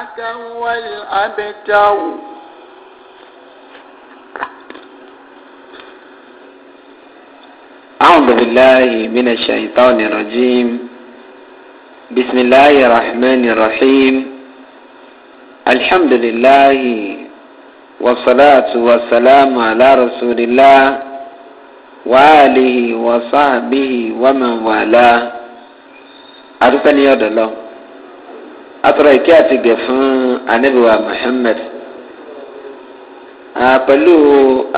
إياك هو الأبتر أعوذ بالله من الشيطان الرجيم بسم الله الرحمن الرحيم الحمد لله والصلاة والسلام على رسول الله وآله وصحبه ومن والاه أرسل يد الله atọrọ ike àti gẹ fún anabiwa muhammed pẹ̀lú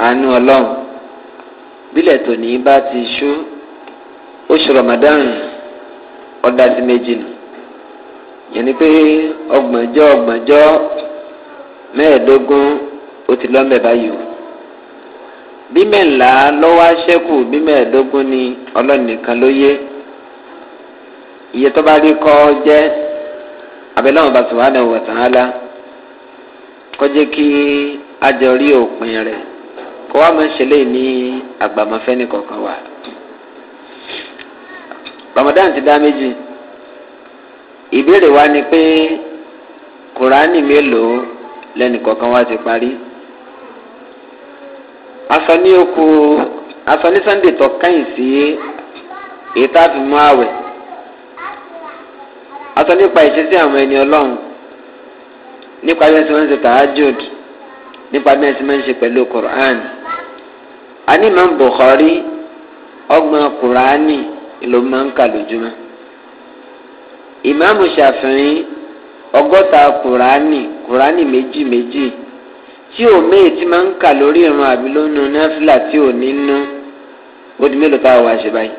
àánú ọlọ́run bílẹ̀ tòní bá ti ṣú oṣù ramadan ọ̀dà sí méjì nù yẹn ni pé ọgbọ̀njọ́ ọgbọ̀njọ́ mẹ́ẹ̀ẹ́dógún ó ti lọ́mẹ̀ báyìí o bí mẹ́ńlá lọ́wọ́ aṣẹ́kù bí mẹ́ẹ̀ẹ́dógún ni ọlọ́run nìkan ló yé iye tó bá rí kọ́ jẹ́ abẹ́lẹ́ wọn bá subhanahu wa ta'ala kọjá kí ajọ rí òpin rẹ̀ kó wá máa ń ṣẹlẹ̀ ní àgbàmọ́fẹ́ ní kọ̀ọ̀kan wa. Ramadan ti dá méjì ìbéèrè wa ni pé kùránì mélòó lẹ́nì kọ̀ọ̀kan wa ti parí. aṣọ ní oko aṣọ ní Sunday tó kẹ́yìn sí èyí tá àwẹ̀ asọ nípa ìṣesí àwọn ẹni ọlọ́run nípa bí wọ́n ti máa ń ṣe tahajud nípa bí wọ́n ti máa ń ṣe pẹ̀lú quran anímọ̀ bukhari ọgbọ́n kùránì ló máa ń kà lójúmọ́ ìmáàmù ṣàfihàn ọgọ́ta kùránì kùránì méjì méjì tí òmé tí máa ń kà lórí ìrun àbí lónú náfìlà tí ò ní nú ó di mélòó tá a ṣe báyìí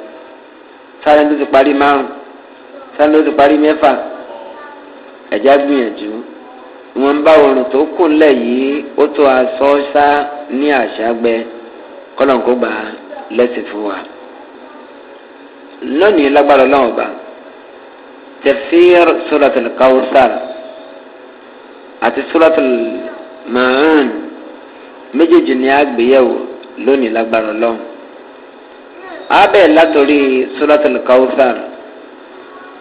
sáré tó ti parí márùn-ún sani ó ti parí mẹ́fà ẹ̀já gbìyànjú wọn bá oorun tó kù lẹ̀ yìí ó tó aṣọ ṣá ní àṣàgbẹ kọ́lọ̀ǹkógbà lẹ́sìn fún wa. lónìí lágbára ọlọ́run ọba tafsir suratul kawusar àti suratul ma'un méjèèjì ni a gbéyẹ̀wò lónìí lágbára ọlọ́run. abẹ́ látòrí suratul kawusar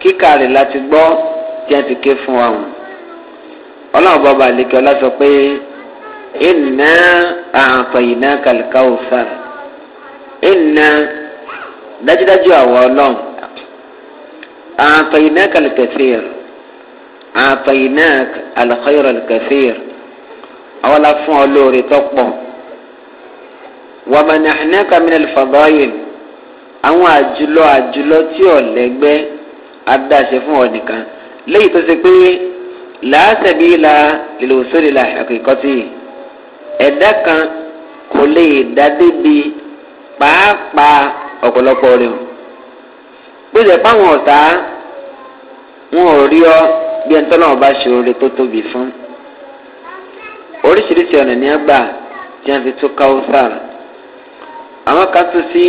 kíkà rẹ̀ láti gbọ́ tí a ti ké fún wa hàn ọlọ́run bọ́ba àlekè ọlá sọ pé ìnà àǹfààyìnà kàlíkà òsàn ìnà dájúdájú àwọ̀ ọlọ́run àǹfààyìnà kàlíkà fèrè àǹfààyìnà àlùkọ́yọ̀rọ̀ kàfèrè àwọn la fún ọ lóore tó pọ̀ wàmánà àná kàmínà lè àwọn àjùlọ àjùlọ tí ò lẹ́gbẹ́ẹ́ adáṣe fún ọ nìkan léyìí tó ṣe pé làásẹ̀bí la lèlò sórí la àkìkọ́tì ẹ̀dá kan kò lè dá débi pàápàá ọ̀pọ̀lọpọ̀ rẹ̀ o gbọ́dọ̀ páwọn ọ̀tá wọn ò rí ọ bí ẹni tọ́lọ́wọ́n bá ṣe oore tó tóbi fún oríṣiríṣi ọ̀nà ní àgbà tí wọ́n fi tún káwọ́ sáà àwọn kan tún sí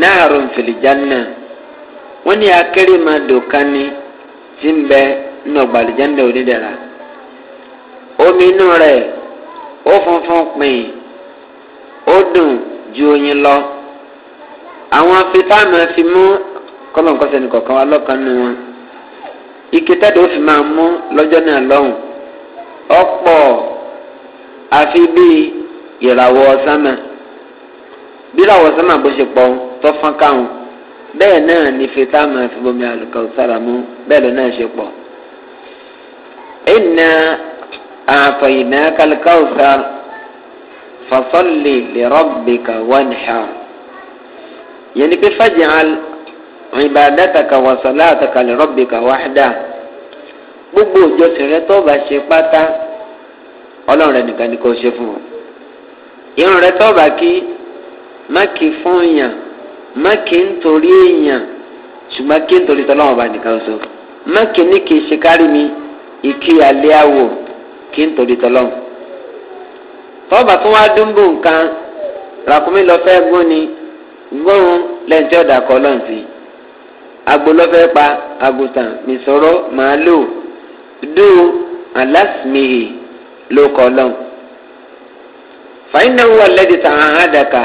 náà rò ń fìlì jánà wọ́n ní akérèmọdò kan ní tí ń bẹ nínú ọgbà àlùjáde onídàra omi inú rẹ̀ ó funfun pin ó dùn ju oyin lọ àwọn afipáàmù fi mú kọlọ̀nkọ́sẹ̀ nìkọ̀kan wa lọ́kàn nù wọn ike tẹ́lẹ̀ ó fi máa mú lọ́jọ́ náà lọ́hùn ọ̀pọ̀ àfi bíi ìràwọ̀ sánmà bí ìràwọ̀ sánmà bó ṣe pọ̀ tó fọ́n káwọn bẹ́ẹ̀ náà ní fita máa fi bomi alukawusara mu bẹ́ẹ̀ lọ náà ṣe pọ̀. ìnà àfàyìnà kalikawusara fasọ́lì lérọ́bìkà wọ́n ha. yẹn ni pé fàjìhàn ìbàdàtàkà wàsálà àtàkà lérọ́bìkà wáḥdà gbogbo òjọsìn rẹ tó bá ṣe pátá ọlọ́run rẹ nìkan ni kò ṣe fún ọ. irun rẹ tó bá kí má kí fún yàn má kì í nítorí èèyàn ṣùgbọ́n kí nítorí tọ́lọ́wọ́n bá nìkan so má kì ní kì í ṣe kárí mi ìkí alẹ́ àwò kí nítorí tọ́lọ́wọ́n. tọ́ba tó wá dúnbò nǹkan ràkúnmí lọ fẹ́ gún ni gbóhùn lẹ́yìn tí ọ̀dà kọ́ lọ́n sí agbo lọ fẹ́ pa àgùntàn nìṣòro màálù dùn àlásìmìhì ló kọ́ lọ́n. fàyínà wà lẹ́dí tàn án àdàkà.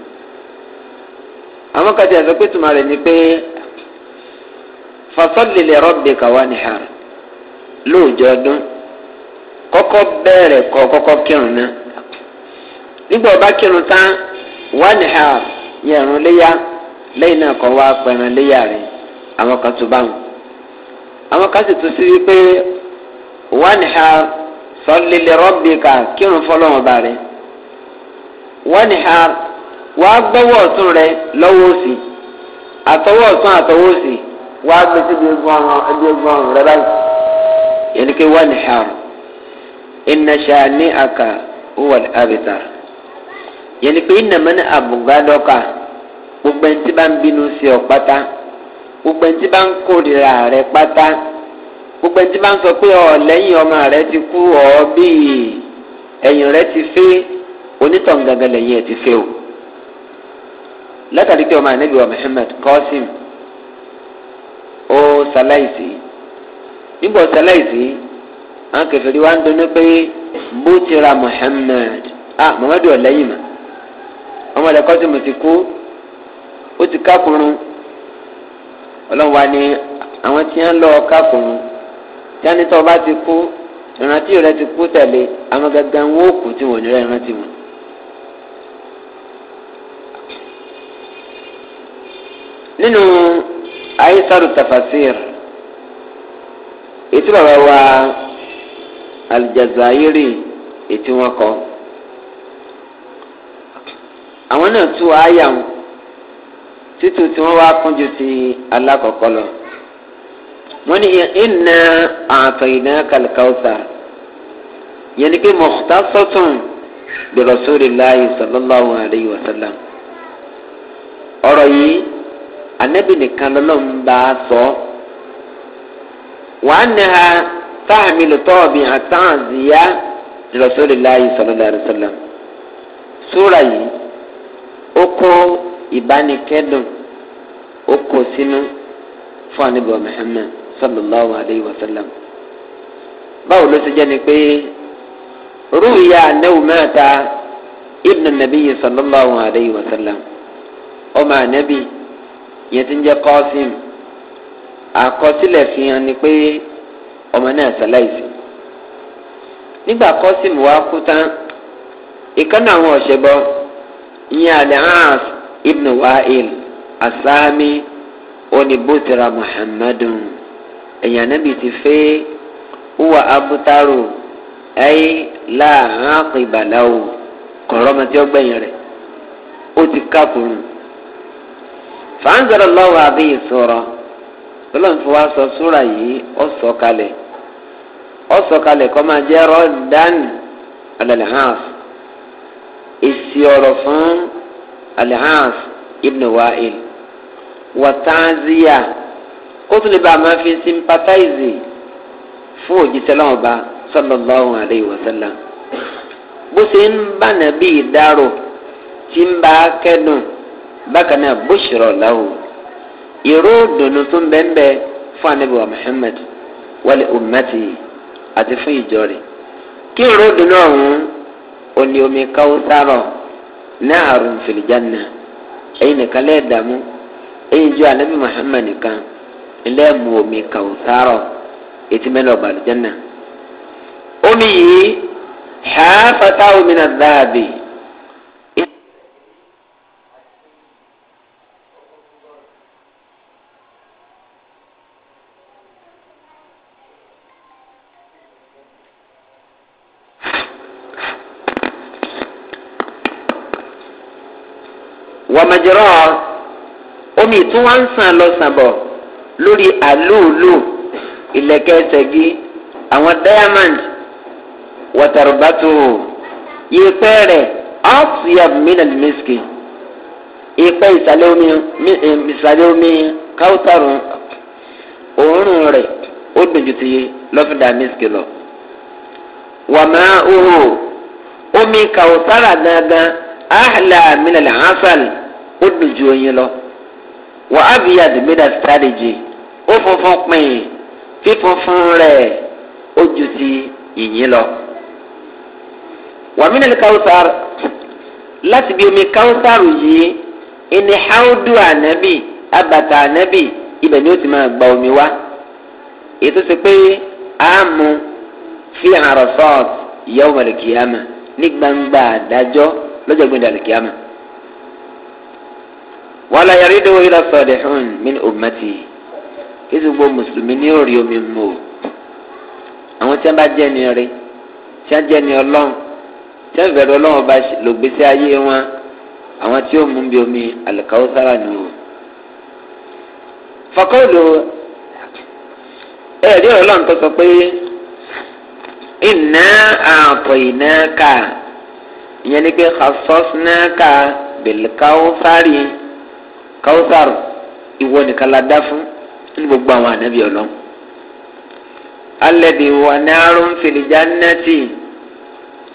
àwọn kàtí àti pé tùmọ̀ rẹ̀ ni pé fasọ́lélẹ̀ rọ́bì kàwá ni hàr lóòjọ́ ọdún kọ́kọ́ bẹ̀rẹ̀ kọ́ kọ́kọ́ kírun náà nígbà ọba kírun tán wá ni hàr yẹ̀rùn léyà lẹ́yìn náà kọ́ wá pẹ̀rẹ̀ léyà rẹ̀ àwọn kan tó bá wọn. àwọn kan sì tún sí wípé wá ni hàr sọ́lélẹ̀ rọ́bì kà kírun fọlọ́wọ́n bá rẹ̀ wá ni hàr. wàá gbọ́wọ́ ọ̀tún rẹ lọ́wọ́ òsì àtọwọ́ ọ̀tún àtọwọ́ òsì wàá gbé síbi egun ọ̀run ẹbí egun ọ̀run rẹ báyìí yẹnike wà ní ṣàrù ìnà àkà wà ní gbogbo ẹni bá ń bínú ọ pátá gbogbo ẹni bá ń rẹ pátá gbogbo ẹni bá ń sọ pé ọ lẹ́yìn ọmọ rẹ o. látàrí pé ọmọ ànábì wa muhammed kọ́sìm ó ṣaláìsí nígbà ṣaláìsí àwọn kẹfìrí wa ń dunnú pé bó muhammed ah muhammed ò lẹ́yìn mọ́ ọmọ rẹ̀ kọ́sìm ti kú ó ti kákùnrún ọlọ́run wa ni àwọn tí wọ́n lọ kákùnrún yanitọ́ ọba ti kú ìrántí rẹ ti kú tẹ̀lé àwọn gangan wọn tí wọn ní rẹ ìrántí wọn. nínú aisaru tafasir ètí bàbá wa aljazairi ètí wọn kọ àwọn náà tú àyà wọn títú tí wọn wá kún ju ti alákọ̀ọ́kọ́ lọ wọn ni iná àtọ̀yìnà kàlkàwùsà yẹn ni mọ̀tà sọ́tún bí rasulillahi sallallahu alayhi wa sallam ọ̀rọ̀ yìí anabi nìkan lọ́lọ́run bá a sọ. wàá nà ha táàmìlì tọ́ọ̀bì àtàzíyá rasulillahi sallallahu alayhi wa sallam. súra yìí ó kó ìbánikẹ́dùn ó kó sínú fún anabi muhammed sallallahu alayhi wa sallam. báwo ló ṣe jẹ́ ni pé rúùyà anáwó mẹ́ta ibn nabiyyi sallallahu alayhi wa sallam ọmọ anabi. ìyẹn ti ń jẹ́ kọ́sìm àkọsílẹ̀ fi hàn ni pé ọmọ náà ṣaláìsí nígbà kọ́sìm wa kú tán ìkànnì àwọn ọ̀ṣẹ́bọ ìyẹn alihans ibn wa'il muhammadun ti fẹ́ uwa abutaru ayé láàárín àpè ìbàláwo kọ̀ọ̀rọ̀ ọmọ ti kákùrún. fanzara lọ́wọ́ àbíyí sọ̀rọ̀ lọ́lọ́n fún wa sọ súra yìí ó sọ kalẹ̀ ó sọ kalẹ̀ kọ́ máa jẹ́ rọ́dán alẹ́lẹ́hàns èsì ọ̀rọ̀ fún alẹ́hàns ibn wa'il wàtánzíyà kó tún lè bá a máa fi sympathize fún òjíṣẹ́ lọ́wọ́ bá sọlọ́lọ́wọ́ bó ṣe ń bá nàbí ìdárò tí ń bá a bákan náà bóṣìrò làwù ìró dùnú tó ń bẹ́ẹ̀ bẹ́ẹ̀ fún anabi wa muhammed wàlẹ̀ ummati àti fún ìjọ rẹ̀ kí ìró dùnú ọ̀hún òní omi káwó sárọ̀ náà àrùn fìlìjánná ẹ̀yin nìkan lẹ́ẹ̀dààmú ẹ̀yin ju anabi muhammed nìkan lẹ́ẹ̀mú omi káwó sárọ̀ ètí mẹ́lẹ̀ ọ̀bàlùjánná omi yìí xaafa táwọn mi dáàbì. wàmẹjọrọ omi tún wá ń sàn lọ sàn bọ lórí àlúùlù ìlẹkẹ ṣẹgi àwọn diamond wàtàrùbátò ìpẹ rẹ ọsùyàb mínàlì mẹsìkì ìpẹ ìsàlẹ omi ìsàlẹ omi káwùtàrù òórùn rẹ ó dùnjù ti lọfíńdà mẹsìkì lọ wàmẹ òhò omi kàwùtàrà dandan àhàlà mínàlì ànsàlì ó dùn ju oyin lọ wà á bí àdìmídà strategy ó funfun pin fífunfun rẹ̀ ó ju ti ìyín lọ. wàmínà ní kawusar láti bí omi kawusar yìí ìní haudu ànábì abàtà ànábì ibẹ̀ ni ó ti máa gba omi wá ètò sí pé àámu fi hàn rọ̀sọ́ọ̀t yẹ́wò mọ̀lẹ́kìyàmà ní gbangba àdájọ́ lọ́jọ́ gbẹ̀dẹ̀ àlẹ́kìyàmà wàhálà yàrá ìdòwò yìí lọ́sọ̀ ọ̀dẹ̀ hàn mí ní òmùmẹ́tì kí sì gbogbo mùsùlùmí ní òrì omi mò àwọn tí wọ́n bá jẹ́ ni rí tí wọ́n jẹ́ ni ọlọ́run tí wọ́n bẹ̀rẹ̀ ọlọ́run bá lò gbèsè ayé wọn àwọn tí ó mú bí omi àlùkáwó sára ni o. fakọ́lù ẹ̀rí ọlọ́run tó sọ pé ìná àpò ìná ká ìyẹn ni pé xasọ́sínà ká sáré. kawusar ìwọ nìkan la dá fún ní gbogbo àwọn ànábì ọlọ́run. alẹbi wà náírà ń fìlìjà nẹ́tì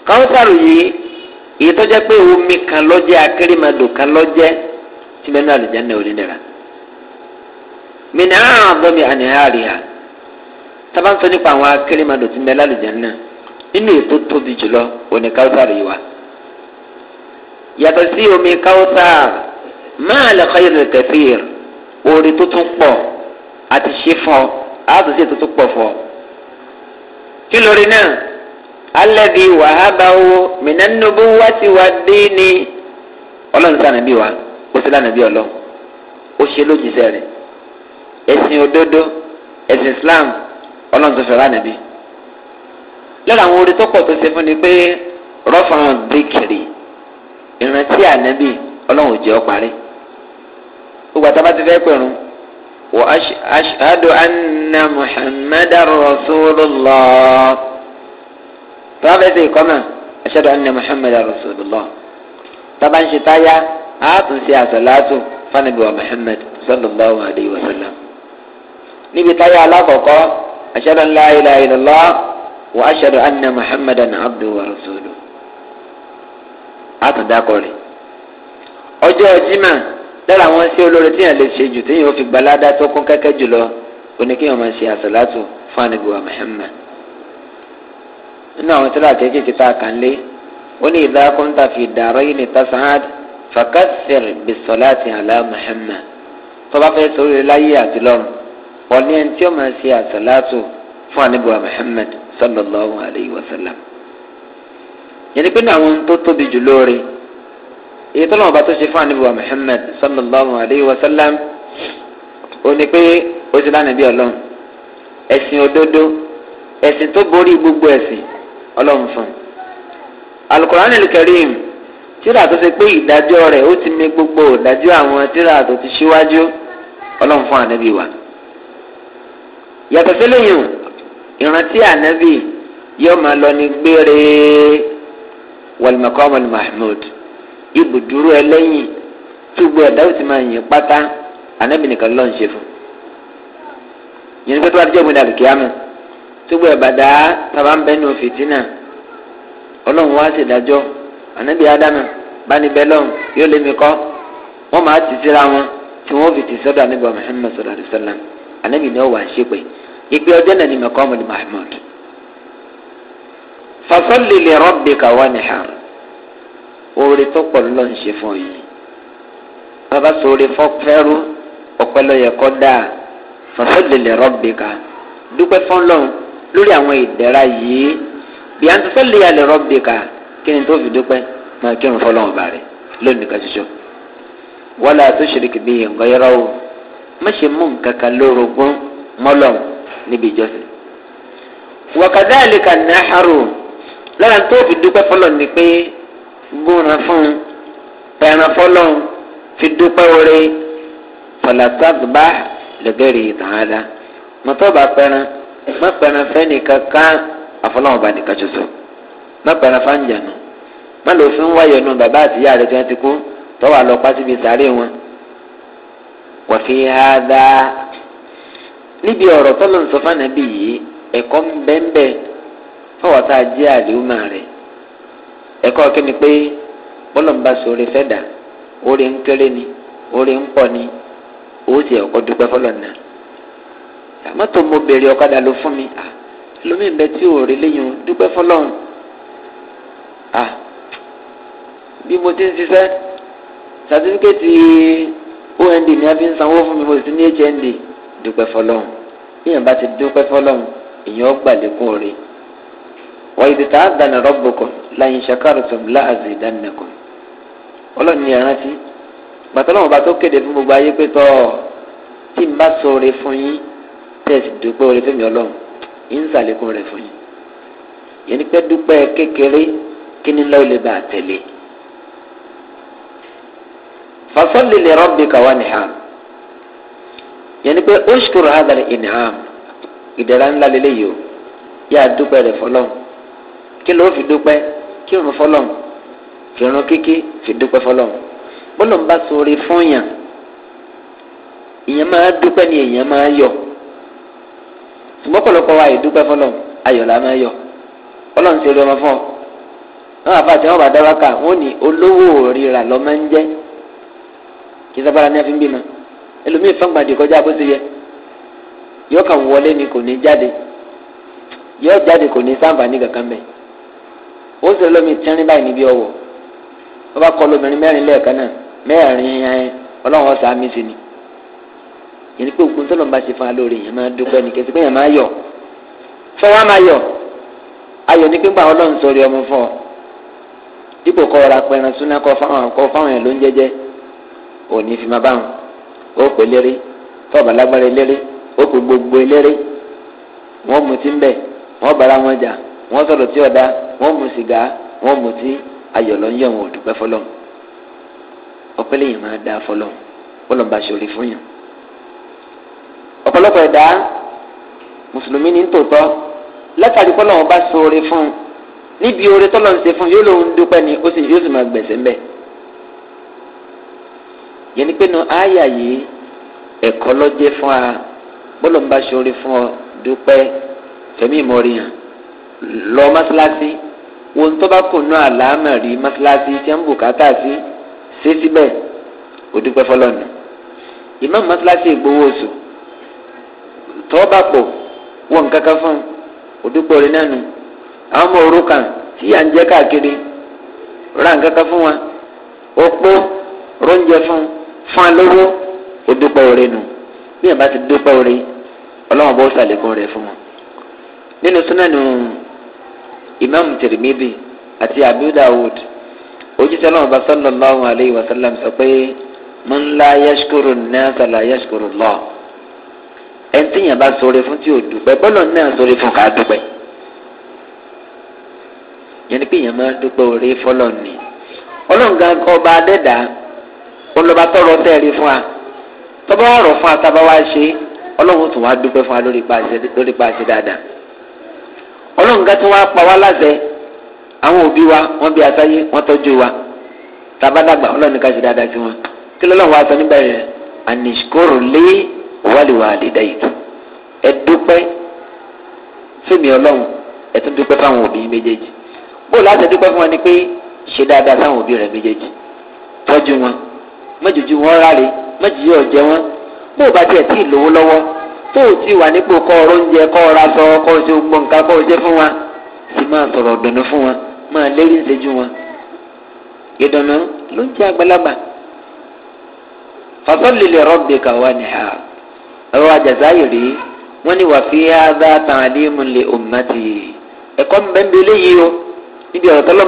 kawusar yìí èyí tó jẹ́ pé omi kan lọ́jẹ́ akérèmọdò kan lọ́jẹ́ tí bẹ́ẹ̀ ní àlùjáde òní nira. mìíràn àbọ̀mí àníhàríà tábà ń sọ nípa àwọn akérèmọdò tí bẹ́ẹ̀ lálùjáde náà nínú máa lè kọ́ yẹn kẹfìr oore tó tún pọ̀ àti ṣe fún ọ àti ṣe tó tún pọ̀ fún ọ. kí lórí náà alẹ́bí wàhábàwò mìnánubú wá ti wá dé ní ọlọ́run sáà nàbí wa ó sì lánàbí ọlọ́run ó ṣe lójijì rẹ̀ ẹ̀sìn òdodo ẹ̀sìn islam ọlọ́run tó fẹ́ lánàbí. lọ́la àwọn oore tó pọ̀ tó ṣe fún ni pé rọ́fọ̀n bíkìrì ìrántí ànábì ọlọ́run ò jẹ́ ọ parí gbogbo àtàwọn ti fẹ́ pẹ̀rún wà ashhadu anna muhammadar rasulullah tọ́wọ́ fẹ́ sè é kọ́mọ̀ ashhadu anna muhammadar rasulullah tọ́ba ń ṣe táyà á tún ṣe àṣàlátù fanabi wa muhammad sallallahu alayhi wa sallam níbi táyà alákọ̀ọ́kọ́ ashhadu an la ilaha illallah anna muhammadan abduhu wa á tún dákọ̀ rẹ̀ ọjọ́ jimá lára àwọn ṣé olórí tíyàn lè ṣe jù tíyàn ó fi gbalada tó kún kẹ́kẹ́ jùlọ oníkéèyàn máa ṣe àṣàlátù fún ànigbòwà muhammed nínú àwọn tíra kéékèèké tá a kàn lé ó ní ìdá kúńtà fi dàrọ́ yìí ní tasahad fakasir bisalati ala muhammed tọ́ba fẹ́ sọ orí láyé àti lọ́run ọ̀ní ẹni tí ó máa ṣe àṣàlátù fún ànigbòwà muhammed sallallahu alayhi wa sallam yẹn ni pé ní àwọn tó tóbi jù lóore èyí tó lọ́wọ́ bá tó ṣe fún àníbùwà muhammed sallallahu alayhi wa sallam ó ní pé ó ti lánàá bí ọlọ́run ẹ̀sìn òdodo ẹ̀sìn tó borí gbogbo ẹ̀sìn ọlọ́run fún un. alukoran elkerim tíra tó ṣe pé ìdájọ́ rẹ̀ ó ti mi gbogbo ìdájọ́ àwọn tíra tó ti ṣíwájú ọlọ́run fún ànábì wa. yàtọ̀ sílẹ̀yìn ìrántí ànábì yóò máa lọ ní gbére wàlùmọ̀kọ́ wàlùmọ̀ ahmed ibùdúró ẹlẹ́yìn tí gbogbo ẹ̀dá ó sì máa yìn pátá anábì nìkan lọ́n ṣe fún yẹn ní pẹ́tọ́ bá jẹ́ òmìnira kìámù tí gbogbo ẹ̀bàdà tàbá ń bẹ́nu fìtínà ọlọ́run wá sí ìdájọ́ anábì ádámù báni bẹ́ẹ̀ lọ́hùn yóò lé mi kọ́ wọ́n máa ti síra wọn tí wọ́n fi ti sọ́dọ̀ anábì muhammed sọ̀rọ̀ àdìsọ́lá anábì ni ó wà ń ṣépè ìpè ọjọ́ náà ni mẹ́kọ́ ọmọdé mahmud fasọ́lì lè rọ́ọ̀bì kàwọn nìhàn oore tó pọ̀ ló ń ṣe fún yìí bàbá sóore fọ́fẹ́rú ọ̀pẹ lọ́yẹ kọ́ dáa fọ́sọ́lẹ̀lẹ̀ rọ́bìkà dúpẹ́ fọ́nlọ́n lórí àwọn ìdẹ́ra yìí bí àǹtọ́sọ́lẹ̀ yà lẹ̀ rọ́bìkà kí ni tó fi dúpẹ́ máa kí òun fọ́lọ́n ọba rẹ̀ lónìí kan ṣoṣo. wọ́lá tó ṣèlérí bí nǹkan yọrọ má ṣe mú nǹkan kan lórogún mọ́lọ́n níbi ìjọsìn. wàkàdá àlekà náà lára tó fi dúpẹ́ fọ́lọ́n ni pé gbóòrán fún un ẹran fọlọ́hún fi dúpẹ́ orí pọ̀làtàgbà lẹ́gẹ̀rì ìtàhádá mọ́tọ́ba pẹran má pẹran fẹ́nìkan ká àfọlọ́hún bá nìkan ṣoṣo má pẹran fáńjànù má lọ fi wáyọ̀ nù bàbá àti ìyá rẹ̀ tí wọ́n ti kú tọ́wọ́ àlọ́ pàṣẹ wọn. wàfi níbi ọ̀rọ̀ yìí ẹ̀kọ́ ń bẹ́ńbẹ́ fọwọ́ tá a rẹ̀ ẹ̀kọ́ kí ni pé bọ́lọ̀mbà sóore fẹ́dà orí ń kéré ni orí ń pọ̀ ni ó sì ọkọ̀ dúpẹ́ fọlọ́nà àmọ́tò mo bèrè ọ̀kadà ló fún mi lómi ìbẹ tí ò rí léyìn dúpẹ́ fọlọ́run bí mo ti ń ṣiṣẹ́ sàtífíkẹ́tì ond ni a fi ń sanwó fún mi mo sì ní hnd dúpẹ́ fọlọ́run bí yẹn bá ti dúpẹ́ fọlọ́run èèyàn gbàlékún rẹ̀ wọ́n ìdìtà àgbàna rọ́bù kan lẹ́yìn ṣàkàrọ̀tún láàzì ìdánilẹ́kùn ọlọ́run ní ìrántí gbàtọ́lọ́wọ́n bá tó kéde fún gbogbo ayé pé tọ́ tí n bá sọ̀rọ̀ fún yín tẹ̀sí dúpẹ́ orí fẹ́mi ọlọ́run yín ń sàlékún rẹ̀ fún yín yẹn ni pé dúpẹ́ kékeré kí ni lọ́ọ́ lè bá a tẹ̀lé. fasọ́lì lè rọ́bì kàwá nìhàm yẹn ni pé ó ṣùkúrò hàdàlẹ̀ ìnìhàm ìdẹ̀ra ńlá lélẹ́yìí o yà á dúpẹ́ rẹ̀ fọlọ́run kí ló fi dúpẹ́ kírun fọlọ́n fìrun kíkí fìdúpẹ́ fọlọ́n bọ́lọ̀ ń bá sọ̀rọ̀ fún yàn ìyẹn máa dúpẹ́ ni èèyàn máa yọ ṣùgbọ́n pọ̀lọpọ̀ wa ìdúpẹ́ fọlọ́n ayọ̀ la máa yọ ọlọ́run ṣe rí ọmọ fún ọ náà àfa àti àwọn bàdá wákà wọn ní olówó rírà lọ máa ń jẹ kí sábàrà ní àfihàn bímọ ẹlòmíì fọgbàdì kọjá bó ti yẹ yọ kàn wọlé ni kò ní jáde yọ jáde kò ní sáǹfà ní kankan bẹ́ẹ̀. ó sì lómi tẹ́rín báyìí níbi ọwọ́ wọ́n bá kọ́ lóbìnrin mẹ́rin lẹ́ẹ̀kan náà mẹ́rin ẹ̀ ọlọ́run ọ̀sán mi sí ni yẹn pé ogun tọ́lọ̀ ń bá ṣe fún alóore yẹn máa dúpẹ́ ní kẹsì pé yẹn máa yọ̀ fẹ́ ma máa yọ̀ ayọ̀ ní pípa ọlọ́run sọ̀rọ̀ ọmọ fún ọ dípò kọ́ súná fáwọn fáwọn yẹn ló ń fi eléré ó wọ́n mu sìgá wọ́n mu tí ayọ̀ lọ ń yọ̀ wọn ò dúpẹ́ fọlọ́n ọpẹ́ lèyìn máa dá fọlọ́n fọlọ́n bá ṣòrí fún yàn. ọ̀pọ̀lọpọ̀ ẹ̀dá mùsùlùmí ní tòótọ́ látàrí fọlọ́n bá ṣòrí fún níbi oore tọ́lọ̀ ń ṣe fún yóò lòun dúpẹ́ ni ó sì yóò sì máa gbẹ̀sẹ̀ ń bẹ̀. yẹn ni pé nu àyà yìí ẹ̀kọ́ ló fún wa bọ́lọ̀ ń bá ṣòrí fún ọ dúpẹ́ fẹ̀mí ìmọ̀ọ́rìyàn lọ mọ́ṣáláṣí wọn tó bá kùnú àlámà rí mọ́sálásí tí wọ́n bùkátà sí ṣé síbẹ̀ kò dúpẹ́ fọlọ́nù ìmọ̀ mọ́sálásí ìgbowó oṣù tọ́ bá pọ̀ wọ́n kankan fún kò dúpẹ́ orin náà nù àwọn ọmọ òrukàn tí à ń jẹ́ káàkiri ra nkankan fún wa opó róúnjẹ fún fún alówó kò dúpẹ́ orin nù bí yẹn bá ti dúpẹ́ orin ọlọ́wọ́n bó ṣàlékún rẹ̀ fún wọn nínú súnà nù imam tirimidi àti abu dawud ojúṣe náà bá sallallahu alayhi wa sallam sọ pé man la yashkuru nasa la yashkuru llah ẹni tí yẹn bá sọ̀rọ̀ fún tí o dùpẹ́ bọ́lọ̀ náà sọ̀rọ̀ fún ká dùpẹ́ yẹn ni pé yẹn máa dùpẹ́ orí fọlọ́ ni ọlọ́ǹgá ọba adẹ́dá olùbá tọrọ tẹ́ẹ̀rí fún wa tọ́ba wà rọ̀ fún wa tábà wá ṣe ọlọ́run tún wá dùpẹ́ fún wa lórí pa àṣẹ dáadáa ọlọ́run gá tí wọ́n á pa wá láṣẹ àwọn òbí wa wọ́n bí asáyé wọ́n tọ́jú wa tàbá dàgbà ọlọ́run ní ká ṣe dáadáa sí wọn kí lọ́lọ́run wá sọ nígbà yẹn ànìṣkóró lé wàlíwà àdídá yìí ẹ dúpẹ́ fèmí ọlọ́run ẹ tún dúpẹ́ fáwọn òbí méjèèjì bó láti dúpẹ́ fún wọn ni pé ṣe dáadáa sáwọn òbí rẹ méjèèjì tọ́jú wọn mọ́jọ́jú wọn ráre mọ́jọ́jú ọ̀jẹ̀ wọn bó o bá tiẹ̀ tí ì lówó lọ́wọ́ tó o ti wà nípò kọ́ ọ̀rọ̀ oúnjẹ kọ́ ọ̀rọ̀ aṣọ kọ́ ọ̀ṣẹ́ gbọ̀n nǹkan kọ́ ọ̀ṣẹ́ fún wa sì máa sọ̀rọ̀ ọ̀dùnnú fún wa máa lérí ìṣẹ́jú wọn. ìdùnnú ló ń jẹ́ àgbàlagbà. fasọ́lélẹ̀ rọ́bì kàwa ni ha ọ̀rọ̀ àjàzá yìí wọ́n ní wà fi áádá tàn lè òmùmátì ẹ̀kọ́ mbẹ́mbẹ́ léyìí o níbi ọ̀rọ̀ tọ́lọ́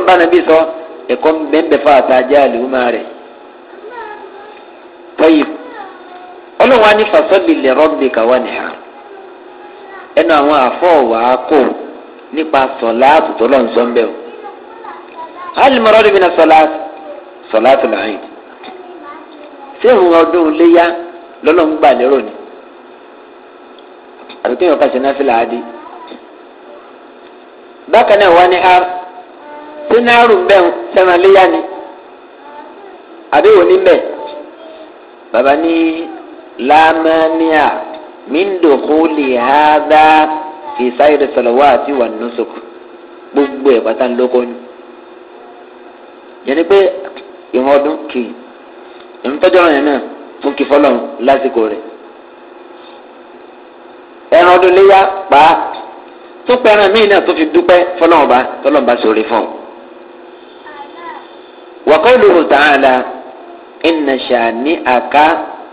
ẹ̀kọ́ mbẹ́mbẹ́ fún àtàjà àlùmọ́ rẹ̀ ọlọ́run wa ní fasọ́lì lè rọ́bì káwá nìyà ẹnu àwọn àfọ̀wá kò nípa sọ̀lá àtútọ́ lọ́n sọ́ńbẹ́ o alimọ̀rọ̀ rẹ̀ mi na sọ̀lá sọ̀lá tó lọ́ọ́ yìí sẹ́wọ̀n ọdún léyà lọ́lọ́run gbà lérò ni àbí kéèyàn kàṣẹ náà fìlà á bákan náà wá ní ar sínárù bẹ́ẹ̀ sẹ́wọ̀n léyà ni àbí wò ní bẹ́ẹ̀ bàbá ní lámánìà míndòkúlì hádá ìsáyìrì sọlọ́wọ́ àti wà nùsùk gbogbo ẹ̀ pátá lóko ni. yẹni pé ìwọ̀n ọdún kì í ìmútọ́jọ́ ọ̀rọ̀ yẹn náà fún kí fọlọ́ lásìkò rẹ̀. ẹran ọdún léyà pa á tó pẹ́ran míì náà tó fi dúpẹ́ fọlọ́ọ̀ba tọ́lọ́ọ̀ba sórí fún un. wàkọ́ ìlú hùtàn àlà ìnàṣà ní àká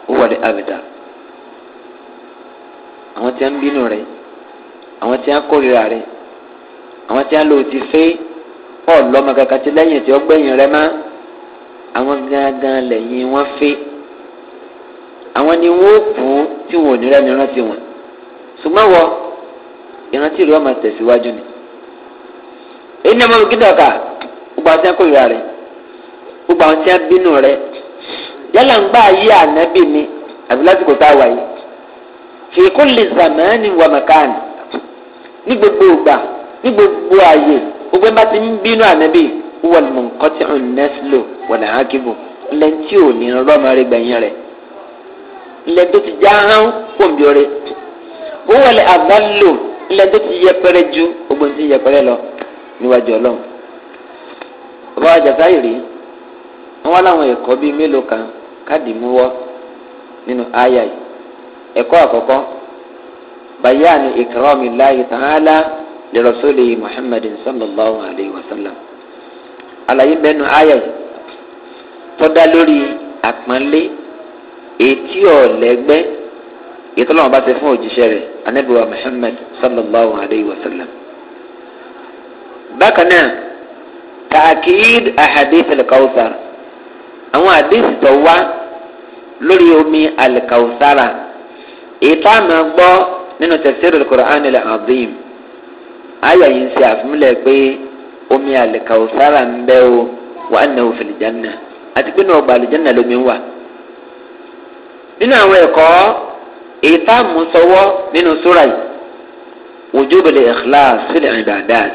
huwa lè abidà àwọn tí a ń bínú rẹ àwọn tí a ń kórira rẹ àwọn tí a ń lò ti fẹ́ ọlọ́mọ kankan tí lẹ́yìn tí ó gbẹ̀yìn rẹ má àwọn gangan lẹ́yìn wọn fẹ́ àwọn ni wọn kú tí wọn ò ní rẹ́ni rántí wọn ṣùgbọ́n wọ ìrántí rẹ ọmọ tẹ̀síwájú ni èyí ni ọmọ òkè dọ̀ka gbogbo àwọn tí a ń kórira rẹ gbogbo àwọn tí a ń bínú rẹ yálà ń gbà ayé ànábì mi àbí lásìkò tá a wà yìí fèkó lè zàmánì wà màkàní ní gbogbo ògbà ní gbogbo ààyè gbogbo bá ti ń bínú ànábì wọ́n mú nǹkan tí ń nẹ́sìlò wọ́n náà kíbo lẹ́ńtì ò ní rọ́ọ̀mù rẹ̀ gbẹ̀yìn rẹ̀ lẹ́ńtì tó ti já hán kòmbi rẹ̀ wọ́n lè àbálò lẹ́ńtì tó ti yẹpẹrẹ ju gbogbo ti yẹpẹrẹ lọ níwájú ọlọ́run. bàbá àjàsáyìí wọn láwọn ẹ̀kọ́ bíi mélòó kan káàdì mú wọ́ nínú àyà yìí ẹ̀kọ́ àkọ́kọ́ bayani ikrami lahi ta'ala li rasuli muhammadin sallallahu alayhi wa sallam alayi bẹnu àyà yìí tọ́da lórí àpọ́nlé etí ọ̀lẹ́gbẹ́ ìtọ́lọ́wọ́n bá ti fún òjíṣẹ́ rẹ̀ anabiwa muhammad sallallahu alayhi wa sallam bákan náà taakid ahadith al àwọn àdéhùn tó wá lórí omi alikawusara èyí tá a máa gbọ́ nínú tẹ̀síìrì alukur'an ilẹ̀ abdul ayọ̀ yìí ń ṣe àfimúlẹ̀ pé omi alikawusara ń bẹ́ o wà á nà òfin ìjánná àti pé náà ọgbà àlùjánná lómi wà. nínú àwọn ẹ̀kọ́ èyí tá nínú sóra yìí ojú bẹ̀rẹ̀ ìkìláàsì sílẹ̀ ìbàdàn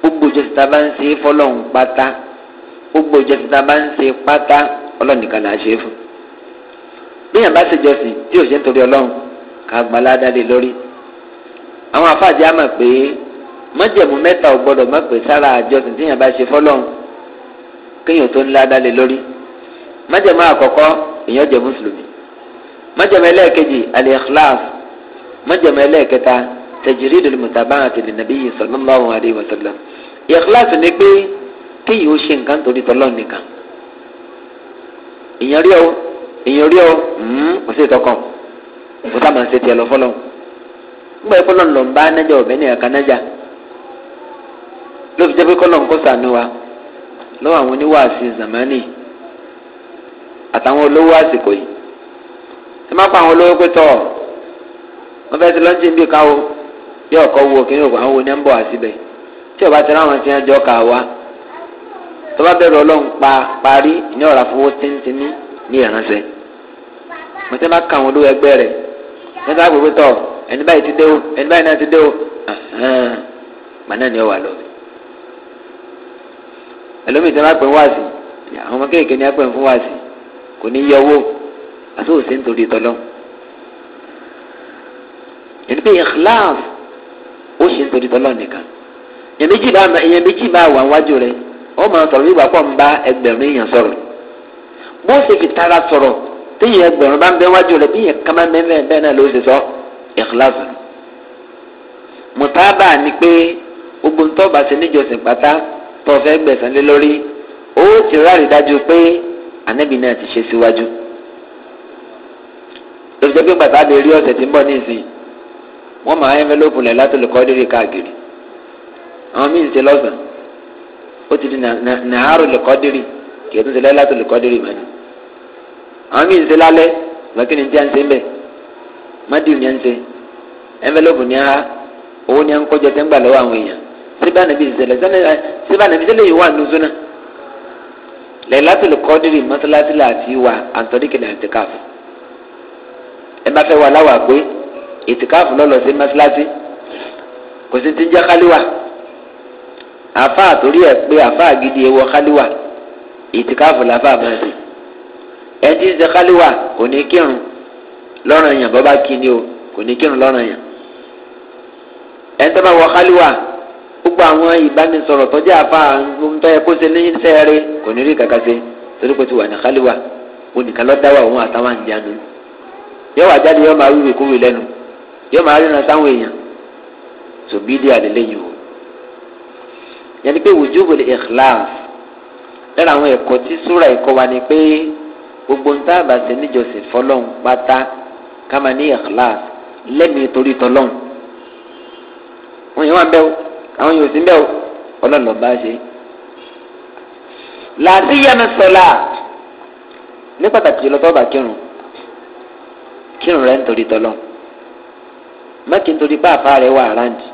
gbogbo ìjọsìn bá ń ṣe é gbogbo ìjọsìn tá a bá ń ṣe pátá ọlọ́run nìkan là á ṣe é fún bí yàn bá ṣe jọsìn tí òṣèlú torí ọlọ́run ká gba aládàáde lórí àwọn afáàjì á mọ̀ pé mọ́jẹ̀mú mẹ́ta ò gbọ́dọ̀ mọ̀ pé sára àjọsìn tí yàn bá ṣe fọ́lọ́run kéèyàn tó ń ládàáde lórí mọ́jẹ̀mú àkọ́kọ́ èèyàn jẹ́ mùsùlùmí mọ́jẹ̀mú ẹlẹ́ẹ̀kejì alikhlas mọ́jẹ̀mú kéyìí ó ṣe nǹkan torí tọ́lọ́ nìkan èèyàn rí ọ èèyàn rí ọ kò sí ìtọ́kàn kò sáà máa ń ṣe tiẹ̀ lọ fọlọ́ nígbà yìí fọlọ́ ń lọ bá nájà ọ̀bẹ ní ẹ̀ka nájà ló fi jẹ́ pé kọ́lọ̀ ń kó sànú wa lọ́wọ́ àwọn oníwàásí zamani àtàwọn olówó àsìkò yìí ẹ má pa àwọn olówó pé tọ́ wọ́n fẹ́ẹ́ ti lọ́njì bí káwọ́ yóò kọ́ wo kí ni òkú àwọn wo ni ẹ̀ ń bọ̀ wá síbẹ̀ tí ò bá ti ráwọn ti ń jọ́ ká wa tọ́ba bẹ̀rù ọlọ́run pa parí ní ọ̀rá fowó tíntìní ní ìránṣẹ́ mọ̀tẹ́ má kà wọn ló ẹgbẹ́ rẹ̀ mẹ́ta àgbègbè tọ̀ ẹni báyìí ti dé o ẹni báyìí náà ti dé o màá náà ni ọ wà lọ. ẹlòmíì tí wọ́n pè ń wáàsì àwọn ọmọ kéèké ni wọ́n pè ń fún wáàsì kò ní yọ owó àti òsè nítorí tọ́lọ́ ẹni pé ìkìláàf ó ṣe nítorí tọ́lọ́ nìkan ìyẹn méjì máa wà wájú rẹ̀ ó máa sọ̀rọ̀ nígbà pọ̀ ń bá ẹgbẹ̀rún èèyàn sọ̀rọ̀ bó ṣe fi tara sọ̀rọ̀ téèyàn ẹgbẹ̀rún bá ń bẹ wájú rẹ̀ bíyẹn kàn máa ń bẹ bẹ́ẹ̀ náà ló ṣe sọ ìkìláàsì. mùtábà ni pé gbogbo ń tọ́ba ṣe níjọsìn pátá tó fẹ́ gbẹ̀sán lé lórí ó ti ráàrí dájú pé ànábì náà ti ṣe síwájú. lórí jẹ́ pé pàtàkì rí ọ̀sẹ̀ tí ń bọ̀ nísìnyí wọ́n máa ń envelope lẹ̀ látòlùkọ́ dérí káàkiri àwọn míì ń ṣe lọ́sàn-án ó ti di nàárò lẹ́kọ́dìrì kì í tún ṣe lẹ́lá tó lẹ́kọ́dìrì mọ́ni. àwọn míì ń ṣe lálẹ́ lọ́kì ní tí a ń ṣe ń bẹ̀ mádìrì ni a ń ṣe ẹnvẹ́lọ́pù ni a owó ni a ń kọjọ tẹ́ ń gbà lọ́wọ́ àwọn èèyàn síbà nàbí ìṣẹ̀lẹ̀ síbà nàbí ìṣẹ̀lẹ̀ yìí wà lóṣù náà lẹ́lá tó lẹ́kọ́dìrì mọ́sálásí láti wà àtọ́díkìlẹ̀ àtìkáfù ẹ bá fẹ́ wà láwà pé ìtìkáfù lọ́lọ́ Afa àtòrí ẹ̀ pé àfa àgídí ewọ kálíwà ìtìkáfù làfa àmọ́sí ẹ̀ ti ṣe kálíwà kò ní kírun lọ́rọ̀ yàn bọ́ bá kí ni o kò ní kírun lọ́rọ̀ yàn ẹ̀ ń tẹ́ bá wọ kálíwà gbogbo àwọn ìbánisọ̀rọ̀ tọ́jú àfa ńtọ́ ẹ kó ṣe ní sẹ́ẹ̀rẹ́ kò ní rí kàkà ṣe torí pé ti wà ní kálíwà onìkan lọ́ dá wà òun àtàwọn àǹjánu yóò wà jáde yóò máa wíwèé kúwèé lẹ́nu yóò máa ríran yẹni pé wùjúbùlì ìkìláàmù lára àwọn ẹ̀kọ́ tí súra ẹ̀kọ́ wa ni pé gbogbo ń tábà sí níjọsìn fọlọ́n pátá ká máa ní ìkìláàs lẹ́mìí torí tọlọ́n wọn yìí wà ń bẹ́ o àwọn yìí ò sí ń bẹ́ o ọlọ́lọ́ bá ṣe. làásìyàmẹ sọlá ní pàtàkì jùlọ tọ́ba kírun kírun rẹ̀ ń torí tọlọ́n mẹ́kì ń torí bá àfa rẹ̀ wà àrántí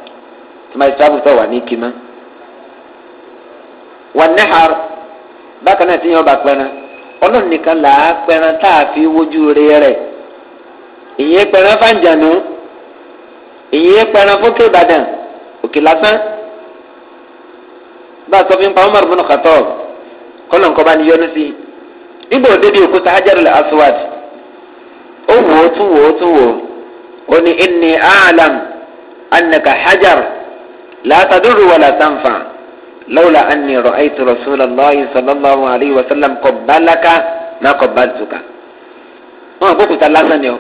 tí máa ṣe tábù tó wà ní kímá. wà nẹ́hàr bákan náà tí yẹn bá pẹ́ran ọlọ́run nìkan là á pẹ́ran tá a fi wojú rí rẹ̀ ìyẹn pẹ́ran fàǹjànú ìyẹn pẹ́ran fókè ìbàdàn òkè lásán bá a sọ fún pa umar bin khattab kọ́lọ̀ nǹkan bá ní sí i nígbà òde bíi òkúta hajar aswad ó wò ó tún wò ó tún wò ó ní alam annaka hajar látàdúró wà látàǹfà. La lọ́wọ́lá ẹni rọ̀ ẹ̀yìtò rọ̀ṣúlọ̀ lọ́yìn sọlọ́lọ́run àríyí wọ́sálàm kọ́ bálákà náà kọ́ bá tùkà. wọn àgbọ̀ kùtà lásán ni ọ.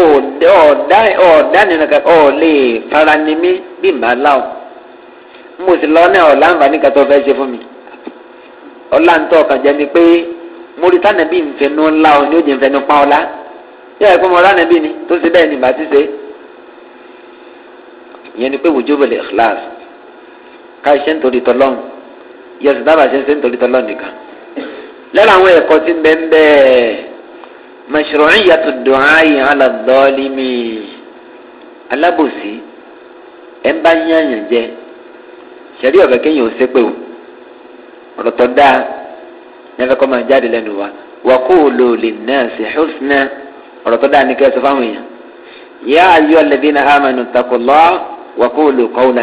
ọ̀ọ́dá nínú kan ọ̀ lè fara ni mí bí màá láwọ̀. mo sì lọ náà ọ̀la nfa ní kàtó fẹ́ ṣe fún mi. ọ̀la ń tọ́ ọ̀kan jẹ́ mi pé mórítànà bí nfẹ̀nu ńlá ọ ni ó jẹ́ nfẹ̀nu pa ọ̀la. yóò ẹ̀kọ́ mọ̀ ránà bí ni tó ṣe bẹ́ẹ̀ ni bàtí ṣe. ìyẹn ni pé wùjú bẹ̀rẹ̀ ìkìláàsì ká ṣe ń torí tọlọ́n yẹsùn dábàá ṣe ń ṣe ń torí tọlọ́n nìkan. lára àwọn ẹ̀kọ́ tí ń bẹ́ ń bẹ́ mẹ̀ṣọ̀rọ̀yìn yàtọ̀ dùn áyìn alàdọ́ọ́lì mi alábòsí ẹ̀ ń bá yànyàn jẹ ṣẹ̀rí ọ̀gá kéèyàn ò sépè o ọ̀rọ̀ dáa ní afẹ́kọ́ máa jáde lẹ́nu wa wà kó náà sí ṣùsùnà ọ̀rọ̀ dáa ní kẹ́sọ̀ fáwọn èèyàn yá ayọ́ lẹ́dínà takùlọ́ wà kó o lò kọ́ọ̀lá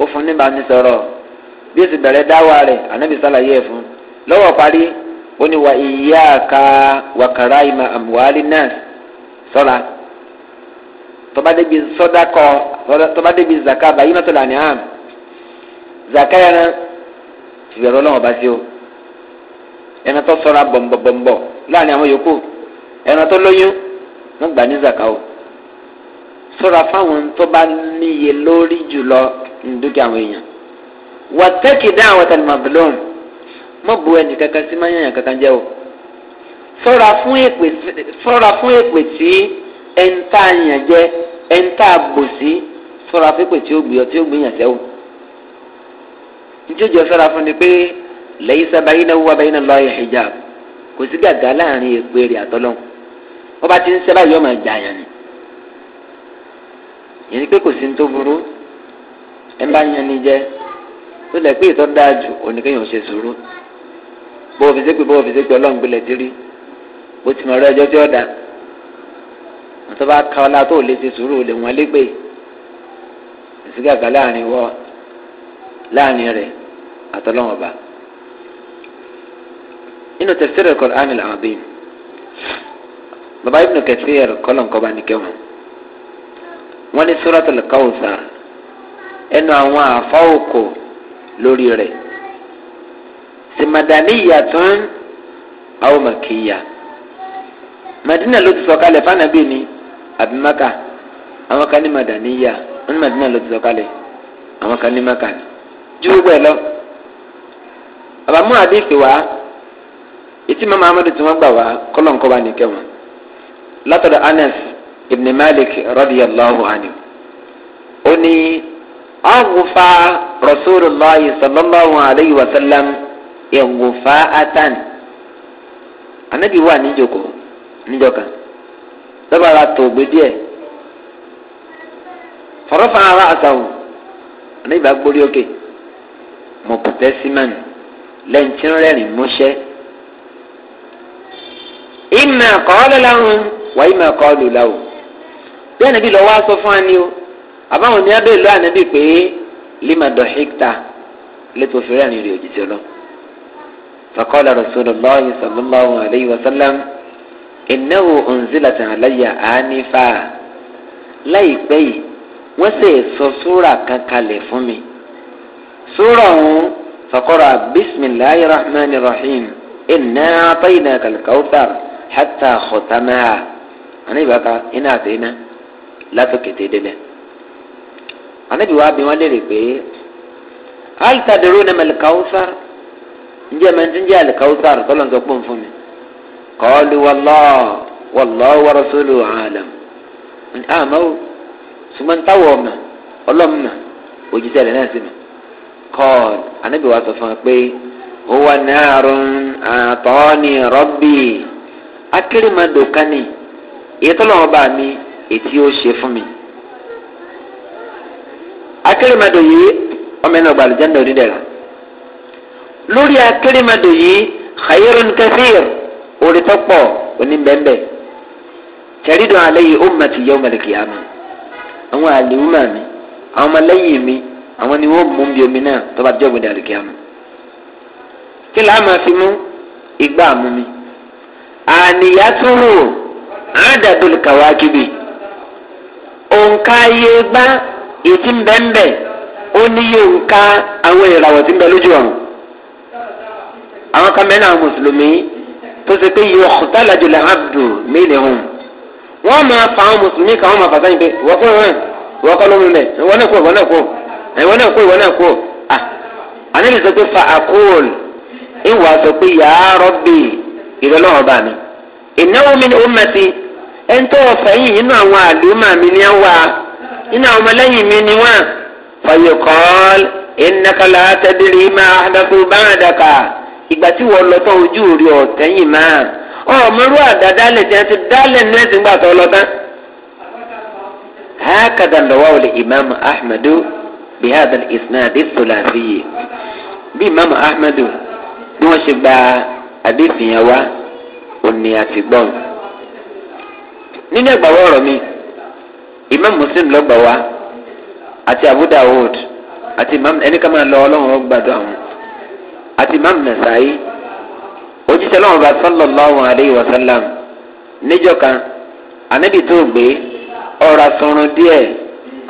ó fún nígbà mi sọ̀rọ̀ bí o sì bẹ̀rẹ̀ dáwà rẹ̀ ànábì sàlàyé ẹ̀ fún lọ́wọ́ parí ó ní wa ìyá ka wàkàrà ìmọ̀ àmúwálí náà sọ́ra tọ́bádébi sọ́dákọ̀ tọ́bádébi zaka bàyí náà tó là ní àm zaka yẹn ìbẹ̀rù ọlọ́wọ́ bá sí o ẹni tó sọ́ra bọ̀m̀bọ̀m̀bọ̀ láàrin àwọn yòókù ẹni tó lóyún wọ́n gbà ní zaka o sọ́ra fáwọn tó bá níye lórí jùlọ ní dúkìá àwọn èèyàn. wàtẹ́kì dá àwọn tàlùmọ̀ bùlọ́ọ̀n mọ̀ bu ẹnì kankan sí máa ń yàn kankan jẹ́ o. sọ́ra fún èpè tí ẹ̀ńtà yàn jẹ́ ẹ̀ńtà bòsí sọ́ra fún èpè tí ó gbìyànjú tí ó gbìyànjú jẹ́ o. nítorí sọ́ra fún ni pé lẹ́yìn sábàáyí náà wà báyìí náà lọ́ọ́ yẹ hijab kò sí gàgà láàrin èpè rẹ̀ àtọ́lọ́hùn wọ́n bá ti ń sẹ́bà yọ̀ máa jà yàn ni yẹn ni pé kò sí ní tó burú ẹ bá yan ni jẹ tó lẹ pé ìtọ́ dáa jù òní kéèyàn ṣe sùúrù bó o fi sépè bó o fi sépè ọlọ́run gbilẹ̀ ti rí bó ti mọ̀ ọ́ ẹjọ́ tí ó dà àtọ́ bá ka ọlá tó lè ṣe sùúrù lè wọ́n lé pè ìsìgàgà láàrin wọ láàrin rẹ̀ àtọ́lọ́wọ̀n bá nínú tẹ̀síìrì kọ́ ánìlà àwọn bíi bàbá ibùdó kẹsíìrì kọ́lọ̀ nǹkan bá nìkẹ́ wọn wọ́n ní sọ́rọ́tò káwọ́ sáà. ẹnu àwọn àfa oko lórí rẹ̀ tìmọ̀dàníyà tó ń àwọn màkìyà madina ló ti sọ kalẹ̀ fanabi ni àbí àwọn kan ní madaniya wọn madina ló ti sọ àwọn kan ní maka ni ju gbogbo ẹ lọ àbámu àdéhìí wa etí mama amadu tí wọn gbà wá kọlọńkọba nìkẹ wọn látọdọ anas ibn malik radiyallahu anhu ó ní. ọ̀gùfà rasulillah sallallahu alayhi wa sallam ẹ̀gùfà atan anabi wà níjòkó níjọka dábàrà tó gbé díẹ̀ fọ̀rọ̀fà ara àtàwọn anabi bá gbórí òkè mọ̀pútẹ́símẹ́n lẹ́ǹtí rẹ́rìn mọ́ṣẹ́ ìmọ̀ kọ́ọ́lù láwọn wà ìmọ̀ kọ́ọ́lù láwọn bí anabi lọ́wọ́ aṣọ fún wa ni o àbáwọn ní abẹ́ ìlú ànábì pé lima dọ̀híkta lẹ́tọ̀ fẹ́rẹ́ àní rí òjijì ọlọ́ fakọ́lá rasul allah sallallahu alayhi wa sallam ìnáwó ònzílàtàn aláyà àánífà láìpẹ́ yìí wọ́n sì sọ súrà kan kalẹ̀ fún mi súrà ọ̀hún fakọ́ra bisimilahi rahman rahim iná àtọ́yìn àkàlùkàwùtàr hàtà xọ̀tàmáà àníbàkà iná àti látọ̀kẹ̀tẹ̀ délẹ̀. anabi wa bi wọn léèrè pé alitadoro ní malikawusar njẹ mẹtí njẹ alikawusar tọ́lọ̀ nǹkan pọ̀ fún mi kọ́ọ̀lù wàllọ́ wàllọ́ wàrasọ́lù àlàm àmàwò ma ọ̀mà ọlọ́mà òjíṣẹ́ rẹ̀ náà sí mi anabi wa sọ fún wa pé owó nàárùn àtọ́ni rọ́bì akérèmọdò kánì bá mi ètí ó ṣe fún akérèmọdò yìí ọmọ ẹni ọgbà àlùjáde òní dẹ̀ra lórí akérèmọdò yìí xayirun kẹfìr òrìtọ́pọ̀ oníbẹ̀ẹ́bẹ̀ tẹ̀rídọ̀ alẹ́ yìí ó mà ti yẹ ọmọ ẹ̀kì àmì àwọn àlèwúmà mi àwọn ọmọlẹ́yìn mi àwọn ni wọ́n mú bí omi náà tọ́ba jẹ́ ògbódà ẹ̀kì àmì kí làá máa fi mú igbá mú mi àníyàtúrò àádàdúlù kàwákìbì òǹkà ayé gbá. èyí tí ń bẹ́ ń bẹ́ ó níye nǹka àwọn ìràwọ̀ tí ń bẹ lójú ọ̀run àwọn kan mẹ́rin àwọn mùsùlùmí tó ṣe pé yìí ma làjò lè abdu mílẹ̀ hùn wọ́n máa fa àwọn mùsùlùmí kan wọ́n máa pé wọ́n kọ́ wọ́n kọ́ lómi mẹ́ náà náà náà náà sọ pé fa àkóòl ìwà sọ pé yàrá rọ́bì ìrẹ́lọ́wọ́ bá ni nínú àwọn ọmọlẹ́yìn mi ni wọ́n fàyè kọ́ọ́l ìnákàlà àtẹ̀dẹ̀rẹ̀ máa àdàkù bá àdàkà ìgbà tí wọ́n lọ tán ojú òrí ọ̀tẹ́yìn máa ọ̀mọ́rú àdàdálẹ̀ tí wọ́n ti dálẹ̀ ní ẹ̀sìn gbà tó lọ tán. هكذا رواه الإمام أحمد بهذا الإسناد الثلاثي بإمام أحمد ni wọn ṣe gba àdéhùn yẹn wá òní àti nínú ẹgbàá wọ̀rọ̀ mi imam muslim lọ́gbà wa àti abu dawud àti imam ẹni ká máa lọ ọlọ́run ọgbàdo àwọn àti imam nasaayi òjíṣẹ́ lọ́wọ́ bá sallallahu alayhi wa sallam níjọ́ kan anabi tó gbé ọ̀rọ̀ asọ̀rùn díẹ̀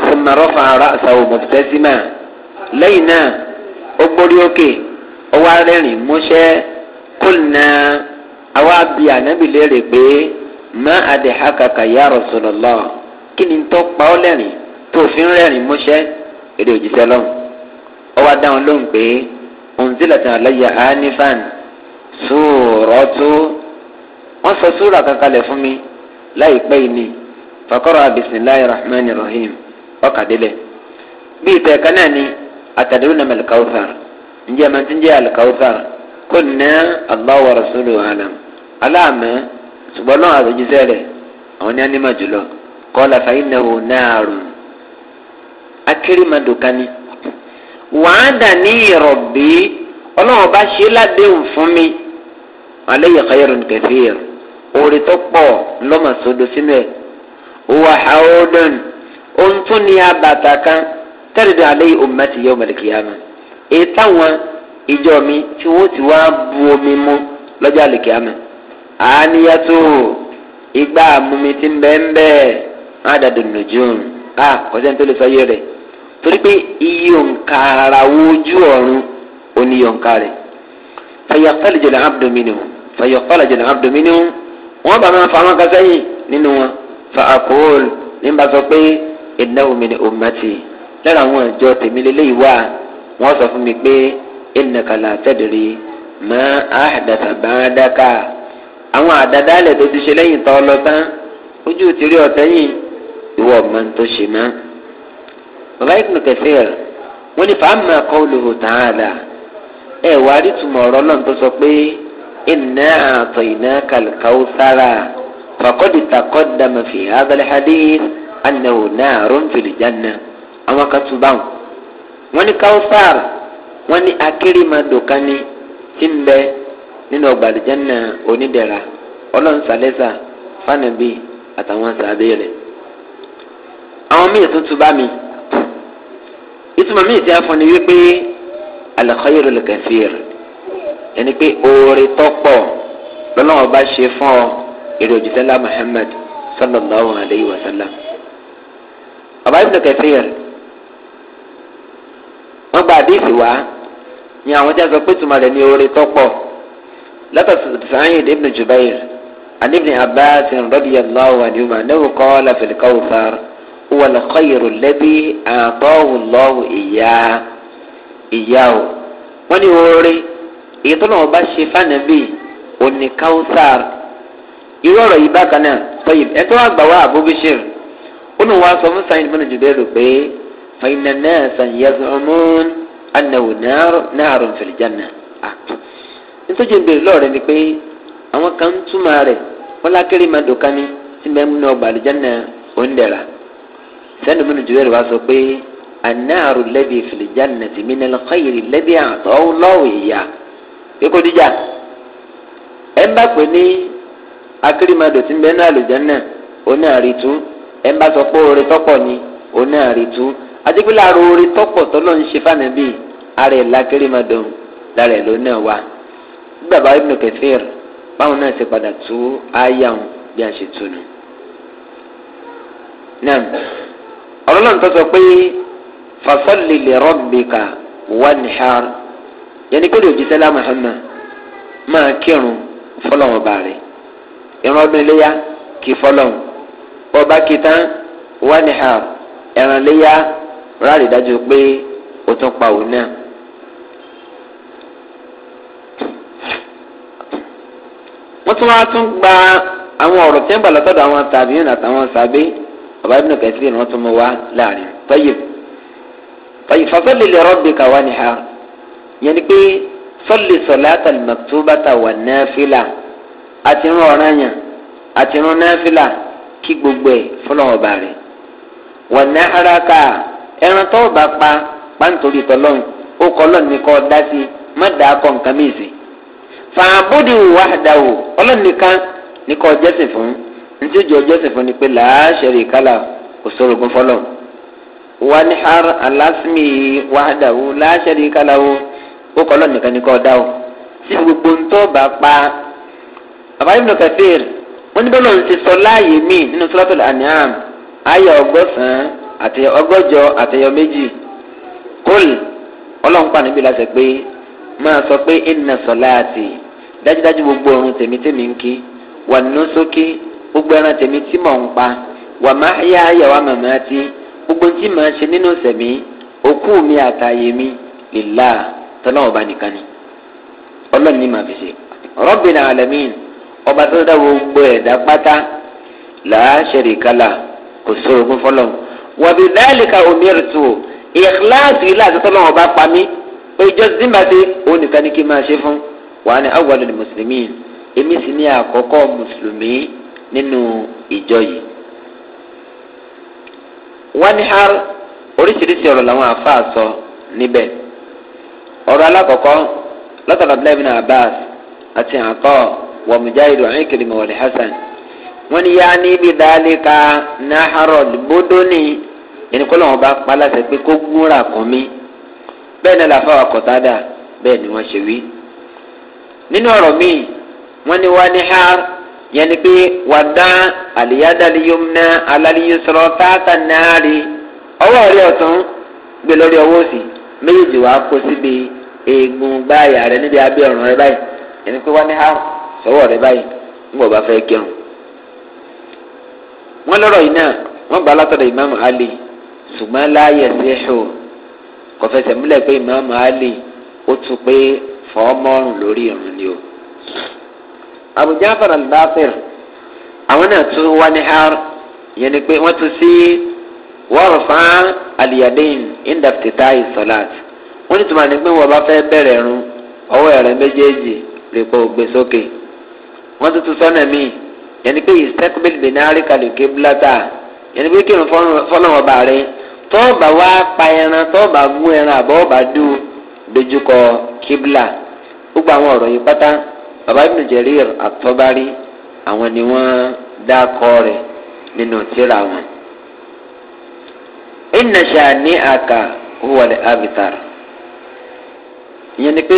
sọmarọ́fà ara àṣàwò mọ̀tẹ́símà lẹ́yìn náà ó gbórí òkè ó wá rẹ́rìn músẹ́ kúlnà àwa bíi anabi léèrè pé má adìhàkàkà yá rasulallah kí ni tó pa ọ́ lẹ́rìn tó fi ń rẹ́rìn músẹ́ èdè òjíṣẹ́ lọ́hùn ọ wá dáhùn lóhùn pé òǹzílẹ̀tàn àlọ́yà ánífàn sóòrọ́ tó wọ́n sọ súrà kankalẹ̀ fún mi láìpẹ́ yìí ni fakọ́rọ̀ bisimilahi rahman rahim ọkàdélẹ̀ bí ìtẹ̀ kan náà ni àtàdúró nàmẹ́ alikawusar njẹ́ màá ti ń jẹ́ alikawusar kò ní aláwọ̀ rasulu alam aláàmẹ́ ṣùgbọ́n náà àtòjíṣẹ́ rẹ̀ àwọn ní á jùlọ kọ́lá fàyínà ò náàrù akérèmọdò kání. wàá dà ní ìrọ̀bí ọlọ́run bá ṣe ládéhùn fún mi alẹ́ yẹ̀kọ́ yẹ̀rọ̀ nìkẹ́fẹ́ yẹ̀rọ̀ orí tó pọ̀ lọ́mọ sódò sínú ẹ̀ wà áwòdùn ohun tó ní abàtà kan tẹ́lẹ̀ dùn alẹ́ yìí òmùmá ti yẹ ọmọdékì yá mi èyí ìjọ mi tí wọ́n ti wá bu omi mu lọ́jọ́ àlèkè àmì àníyàtò ìgbà àmúmi ti ń bẹ́ẹ̀ bẹ́ẹ̀ àdàdo nùjọ́n a ọ̀sẹ̀ tó lè sọ yé rẹ̀ torí pé iye òǹkà ara wo ojú ọ̀run ò ní iye òǹkà rẹ̀ fayọ̀kọ́lẹ̀ jẹ̀lẹ̀ abdominium fayọ̀kọ́lẹ̀ jẹ̀lẹ̀ abdominium wọ́n bá máa fa àwọn kan sẹ́yìn nínú wọn fa akóòl nígbà sọ pé iná omi ni omi ti lára àwọn ìjọ tèmi lélẹ́yìí wà wọ́n sọ fún mi pé iná kàlà tẹ́dìrì mọ́ àdàtà bá dáká àwọn àdàdálẹ̀ tó ti ṣe lẹ́yìn tọ́ lọ tán ojú ti rí ọ̀tẹ́yìn ìwọ ọmọ tó ṣe mọ́. bàbá ibùdó kẹsíyà wọ́n ní fàámà kọ́ọ̀lù tààlà ẹ̀ wá rí tùmọ̀ ọ̀rọ̀ náà tó sọ pé iná àtọ̀ iná kàlùkàù sára fàkọ́dì takọ́dà màfi àdàlẹ́ hadith anáwó náà rọ́ǹfìlì jáná àwọn kan tún báwọn. wọ́n ní káwùsáàrà wọ́n ní akérèmàdò kan ní tí ń bẹ nínú ọgbà àdìjánná onídẹ̀ra ọlọ́run sàlẹ́sà àtàwọn sàbẹ̀ àwọn míì tún tún bá mi ìtumọ̀ míì tí a fún ni wípé alakọ́yèrè lẹ́kẹ̀sìr ẹni pé oore tọ́pọ̀ lọ́lọ́wọ́ bá ṣe fún ọ èrè òjìṣẹ́lá muhammed sallallahu alayhi wa sallam ọba ibùdó kẹsìr wọ́n gba àdéhìí wá ní àwọn tí a sọ pé tùmọ̀ rẹ̀ ní oore tọ́pọ̀ látọ̀ sàáyìn ibn jubair àdébìnrin abba sinrọ́dìyàn lọ́wọ́ àdéhùn huwa lọ́kọ́yèrò lẹ́bí àtọ́hùn lọ́hùn ìyá ìyá o. wọ́n ní oore èyí tó lọ́wọ́ bá ṣe fànàbí òní káwùsàr. irú ọ̀rọ̀ yìí bákan náà sọ́yìn ẹ tó wá gbà wá àbúbíṣìr. ó nù wá sọ fún sáyìn bọ́nà jùlọ rò pé fàyínà náà sànyẹ́sùn ọmún anáwó náà rùn fìlìjánà. nítorí ìbéèrè lọ́ọ̀rẹ́ ni pé àwọn kan túmọ̀ rẹ̀ wọ́n lákèrè máa dùn kání tí mẹ́mú náà gbàlejò náà sẹ́ni bínú jùlọ wá sọ pé anáàrú lẹ́bi ìfìlìjà nàti mínẹ́lẹ̀ káyìrì lẹ́bi àtọ́ lọ́wọ́ ìyá kíkó díjà ẹ̀ ń bá pè ní akérèmọdò tí ń bẹ náà lòjẹ́ náà oní àrítú ẹ̀ ń bá sọ pé oore tọ́pọ̀ ni oní àrítú àti pé láàrọ̀ oore tọ́pọ̀ tọ́lọ́ ń ṣe fáànà bíi ara ẹ̀ lákérèmọdò lára ẹ̀ ló náà wá gbàgbà ibùdó kẹfìr báwọn náà ṣe padà tú áyà bí a ṣe tú náà ọlọ́run tó sọ pé fasọ́lì lè rọ́gbìkà wà nìhàr yẹnni pé lòdì sẹ́lá muhammad máa kírun fọlọ́wọ́n bá rẹ̀ ìran ọdún iléyà kì í fọlọ́wọ́n ọba kìtàn wà nìhàr ẹ̀ràn iléyà ráàlì dájú pé ó tún pa òun náà. wọ́n tún wá tún gba àwọn ọ̀rọ̀ tí ń bà lọ́tọ̀dọ̀ àwọn tàbí àtàwọn sàbẹ́ bàbá ibùdó kẹsìrì ni wọ́n tún mú wá láàrin tọ́yìb tọ́yìb fọ́sọ́lì lè rọ́ọ̀bì káwá ni ha yẹn ni pé sọ́lì sọ̀láàtà màtúbàtà wà náfìlà àti irun ọ̀ranyàn àti irun náfìlà kí gbogbo ẹ̀ fọlọ́wọ́ bá rẹ̀ wà náhàràkà ẹran tó bá pa pàǹtórí tọ́lọ́n ó kọ́ lọ́n ní kọ́ dá sí má dàá kọ́ nǹkan mìíràn fàbùdù wàhádà wò ọlọ́nìkan ní kọ́ jẹ́sìn fún un ntí ìjọ joseph ni pé làásẹ̀rì kálá òṣòrògùn fọlọ́ wanihar alasmi wahadawo làásẹ̀rì kálá o ó kọ́lọ́ nìkan ní kọ́ dá o sí gbogbo ntọ́ bá pa bàbá ibn kathir wọn ní bọ́lá ti sọ láàyè mí nínú sọ́lọ́tò àníhàn ayé ọgọ́sàn-án àti ọgọ́jọ àtẹyọ méjì kólì ọlọ́run níbi láṣẹ pé máa sọ pé ìnà sọ láàtì dájúdájú gbogbo ọ̀run tèmítèmí ń kí wà nínú sókè gbogbo ẹran tèmi tí mò ń pa wà má yá yàwá màmá tí gbogbo tí màá ṣe nínú sẹ̀mí òkú mi àtàyè mi lìlá tọ́lá ọba nìkan ni ọlọ́run ní màá fi ṣe rọ́bìnà alamin ọba tó dá gbogbo ẹ̀dá pátá làá ṣẹ̀rì kálá kò sórogún fọlọ́n wàbí dáìlìkà omiirtu ìkíláàsì ilé àti tọ́lá ọba pa mí ìjọ zimbabwe òun nìkan máa ṣe fún wàá ní awàlú ni mùsùlùmí èmi sì ní àkọ́kọ́ mùsùlùmí nínú ìjọ yìí. wọ́n ní har oríṣiríṣi ọ̀rọ̀ làwọn àáfàá sọ níbẹ̀. ọ̀rọ̀ alákọ̀ọ́kọ́ lọ́tọ̀lọ́ bílẹ̀bìnà abbas àti àkọ́ wọ mujahid ọ̀hìn kìrìmọ̀ wọlé hasan. wọ́n ní yá níbi dáálíkà náhàrọ̀ bódó ni ẹni kọ́ bá paláṣẹ pé kó gúnra kan mí. bẹ́ẹ̀ ni làfà wà kọ̀tádà bẹ́ẹ̀ ni wọ́n ṣe wí. nínú ọ̀rọ̀ míì wọ́n ní wá yẹn ni pé wàdá àlìyádàlíyọ́mùnà aláliyọ́sọ̀rọ̀ táàtà náàrí ọwọ́ rẹ̀ ọ̀tún gbé lórí ọwọ́ òsì méjèèjì wàá kó síbi eegun báyà rẹ̀ níbi abẹ́ ọ̀rùn rẹ̀ báyìí yẹn ni pé wọ́n ní ha sọ́wọ́ rẹ̀ báyìí ńgbọ̀ bá fẹ́ kírun. wọ́n lọ́rọ̀ yìí náà wọ́n gbà látọ̀dọ̀ ìmáàmù ali ṣùgbọ́n láàyè ṣèṣù kò pé ìmáàmù ali ó tún pé fọ́ọ́mọ́rùn lórí ìrùn ni o abu jafar al-basir àwọn náà tún wá ní har yẹn ni pé wọ́n tún sí wọ́rọ̀fà aliyadeen indaptita isolat wọ́n ní tùmọ̀ ní pé wọ́n bá fẹ́ bẹ̀rẹ̀ ẹ̀rùn ọwọ́ ẹ̀rẹ̀ méjèèjì rè pọ̀ gbé sókè wọ́n tún tún sọ́nà míì yẹn ni pé istekbil binari kalike blata yẹn ni pé kírun fọlọ́wọ́ bá rẹ wá pa ẹran tọ́ọ̀bà gún ẹran àbọ̀ọ̀bà dùn dojúkọ kíbla gbogbo àwọn ọ̀rọ̀ yìí pátá baba ibn jarir atọ́bárí àwọn ni wọ́n dákọ́ rẹ̀ nínú tíra wọn. inna ṣàní àkà huwalẹ̀ abitar ìyẹn ni pé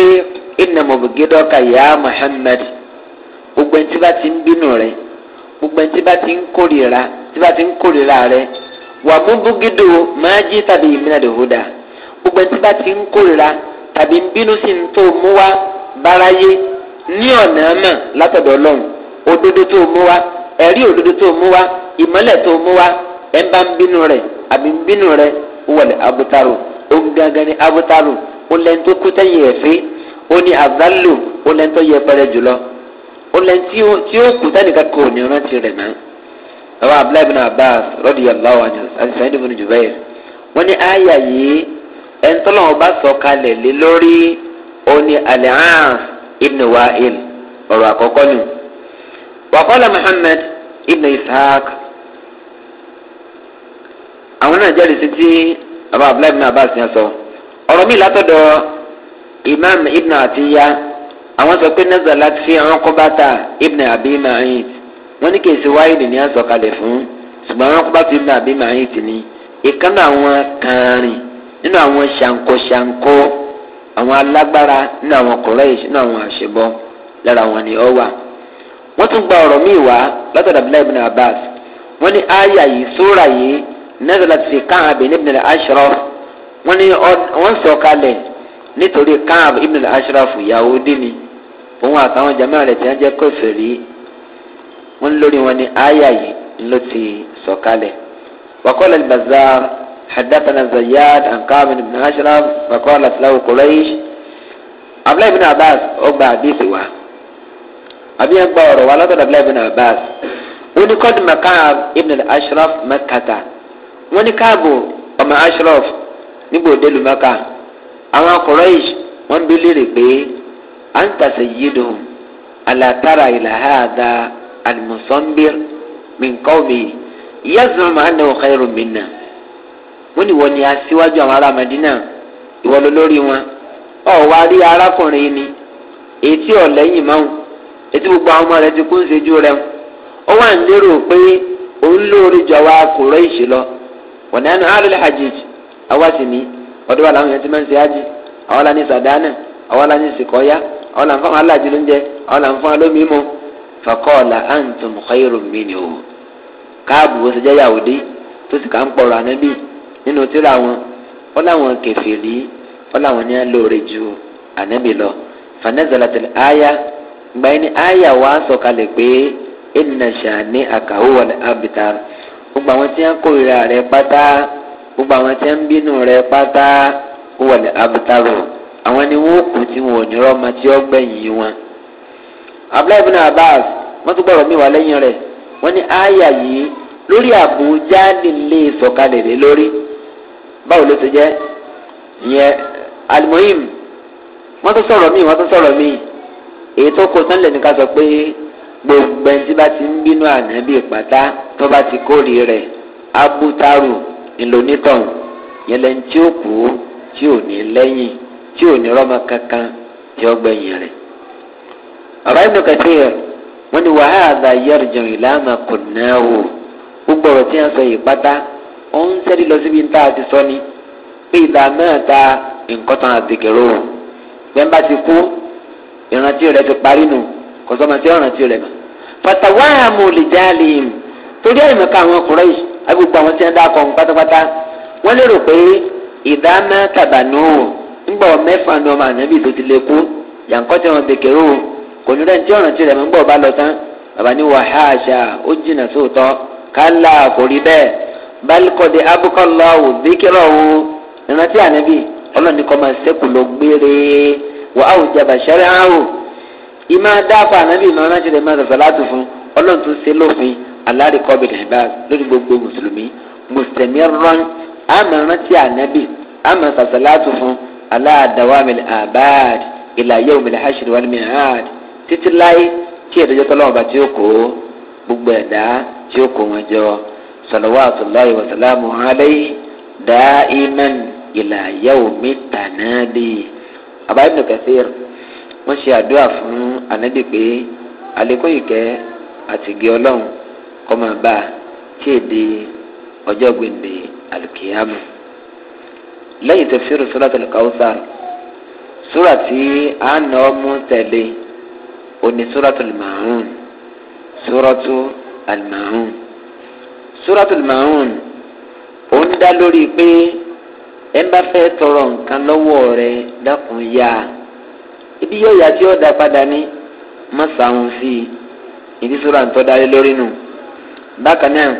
inna mọ̀bùgídọ́kà yá muhammed gbogbo ẹni tí bá ti ń bínú rẹ̀ gbogbo ẹni tí bá ti ń kórìíra tí bá ti ń kórìíra rẹ̀ wà mú búgídò máa jí tàbí ìmínà dòhùdà gbogbo ẹni tí bá ti ń kórìíra tàbí ń bínú sí ń tó mú wá báráyé. ní ọ̀nà àmà látọ̀dọ̀ ọlọ́run òdodo tó mú wa ẹ̀rí òdodo tó mú wa ìmọ̀lẹ̀ tó mú wa ẹ̀ ń bínú rẹ̀ àbí ń bínú rẹ̀ wọlé abutaru òun gangan ni abutaru òun lẹ́ni tó kú tẹ́yìn ẹ̀fín òun ni yẹ pẹ́rẹ́ jùlọ òun tí ó kú tẹ́nìkan kò ní rántí rẹ̀ mọ́. bàbá abdullahi abbas rọ́dí yàlláwà ni àti jùbẹ́yẹ ní bá sọ kalẹ̀ lé lórí ibn wa'il ọ̀rọ̀ àkọ́kọ́ ni wàkọ́lá muhammed ibn ishaq àwọn náà jẹ́rìí sí tí baba abdullahi ibn abbas yẹn sọ ọ̀rọ̀ mi látọ̀dọ̀ imam ibn atiya àwọn sọ pé nazalat fi ọkọ̀bátà ibn abi ma'in wọ́n ní kèsì wáyé nìyẹn á sọ̀kalẹ̀ fún ṣùgbọ́n ọkọ̀bátà ibn abi ma'in ìkànnì àwọn kàrin nínú àwọn ṣàǹkóṣàǹkó àwọn alágbára nínú àwọn kọ̀rẹ́ẹ̀sì nínú àwọn àṣebọ lára wọn ni ọ wà. wọ́n tún gba ọ̀rọ̀ míì wá látọ̀dọ̀ abdullahi ibn abbas wọ́n ní aya yìí sóra yìí nazalat fi káàb ibn al-ashraf wọ́n ní wọ́n sọ kalẹ̀ nítorí káàb ibn al-ashraf yahudi ni òun àtàwọn jama rẹ̀ tí wọ́n jẹ́ kẹfẹ́rí wọ́n lórí wọn ní aya yìí ló ti sọ kalẹ̀ wàkọ́lẹ̀ bazar. حدثنا زياد عن كامل بن أشرف فقالت له قريش عبد الله بن عباس أبا حديث وا أبي أكبر ولا عبد الله بن عباس ونقد مقام ابن الأشرف مكة ونكابو كابو أما أشرف níbo delu maka àwọn quraish wọn bí léèrè pé à ń tàṣe yídò alátara ìlàhàdà alimusambir minkobi yasuma anahu khairu minna. wọ́n ní wọ́n ní aṣíwájú àwọn ará mẹ́dínà ìwọ lórí wọn ọ̀ wá rí arákùnrin ni ètí ọ̀lẹ́yìn máa ń ètí gbogbo àwọn ọmọ rẹ̀ ti kún ṣojú rẹ̀ ń ó wà ń lérò pé òun lóore jọ lọ ní hajj sì ní ọdún wa làwọn yẹn ti máa ń ṣe hajj àwọn la ní sàdánà àwọn la ní àwọn la ń aláàjì àwọn la ń nínú tíra wọn wọn làwọn kẹfìrí wọn làwọn ní alóore ju ànábì lọ fanazalatil aya gbàyìn ní aya wa sọkalẹ̀ pé ẹnìna sàní àkàwọ́ wà ábìtà gbogbo àwọn tí wọn kórìíra rẹ pátá gbogbo àwọn tí wọn bínú rẹ pátá wà ábìtà rò àwọn ni wọn kù tí wọn ò ní rọmọ tí ó gbẹ̀yìn wọn. abdullahi bin abbas wọn tún gbọ́dọ̀ mi wà lẹ́yìn rẹ̀ wọ́n ní aya yìí lórí àbújá nílé ìsọ̀kalẹ̀ lé lórí. báwo ló ti jẹ́ ìyẹn alimoyim wọ́n tún sọ̀rọ̀ míì wọ́n tún sọ̀rọ̀ míì èyí tó kó tán lẹ́nu ká sọ pé gbogbo ẹni tí bá ti ń bínú ànábì pátá tó bá ti kórè rẹ̀ abutaru ńlonítọ̀hún yẹn lẹ́ni tí ó kú tí ò ní lẹ́yìn tí ò ní kankan tí ó gbẹ̀yìn rẹ̀. ọ̀rọ̀ ìnù kẹtì rẹ̀ wọ́n ní wàhálà yẹ̀rù jẹun ìlànà kò náà wò gbogbo ọ̀rọ̀ tí wọ́n sọ yìí pátá ó ń lọ síbi tá a ti sọ ni pé ìdá mẹ́ta nǹkan tán àdìgẹ̀rọ gbẹ̀mbà ti kú ìrántí ti parí nù kò sọ́mọ sí ìrántí rẹ̀ mọ́. fatawahamu lè já lè m torí àyìnbọ̀ká àwọn ọkùnrin yìí agbègbè àwọn tí wọ́n dá akọ̀ pátápátá wọ́n lérò pé ìdá mẹ́ta bànú ńgbọ̀ mẹ́fà ni ọmọ ti lè kú yàǹkọ́ balikọ̀dé abukọ̀lọ́wù díkìrọ̀wù ìrántí ànábì ọlọ́ni kọ́ máa sẹ́kù ló gbére wà á òjàbà sẹ́rẹ̀ áhù ìmọ̀ dáàfà ànábì ìmọ̀ rántí rẹ̀ máa sọ̀sọ̀ láti fún ọlọ́run tó ṣe lófin alárìkọ́ bẹ̀rẹ̀ bá lórí gbogbo mùsùlùmí mùsùlùmí rán àmọ̀ rántí ànábì àmọ̀ sọ̀sọ̀ láti fún aláàdáwà mi àbáàd ìlàyé omi lè hàṣírí wà mí àd títí tí ẹ̀dọ́jọ́ tọ́lọ́wọ́ bá tí ó kó gbogbo ẹ̀dá tí ó kó wọn jọ صلوات الله وسلامه عليه دائما ila يوم التنادي abayi ibn كثير wọ́n ṣe àdúrà fún anabi pé àlékún ìkẹ́ àtìgé ọlọ́run kọ́ máa bá a tí èdè ọjọ́ gbèǹde alùkìyàmù lẹ́yìn tó fẹ́rù sọ́dọ̀tò kawusar sura tí a nà ọ́ mú tẹ̀lé oní sọ́dọ̀tò màrún sọ́dọ̀tò àlùmàrún suratul maun ó ń dá lórí pé ẹ bá fẹ́ tọrọ nǹkan lọ́wọ́ rẹ dákun yá ibi yóò yá tí ó dá padà ní má sàrùn sí i ìdí sura ń tọ́ da lé lórí nù bákan náà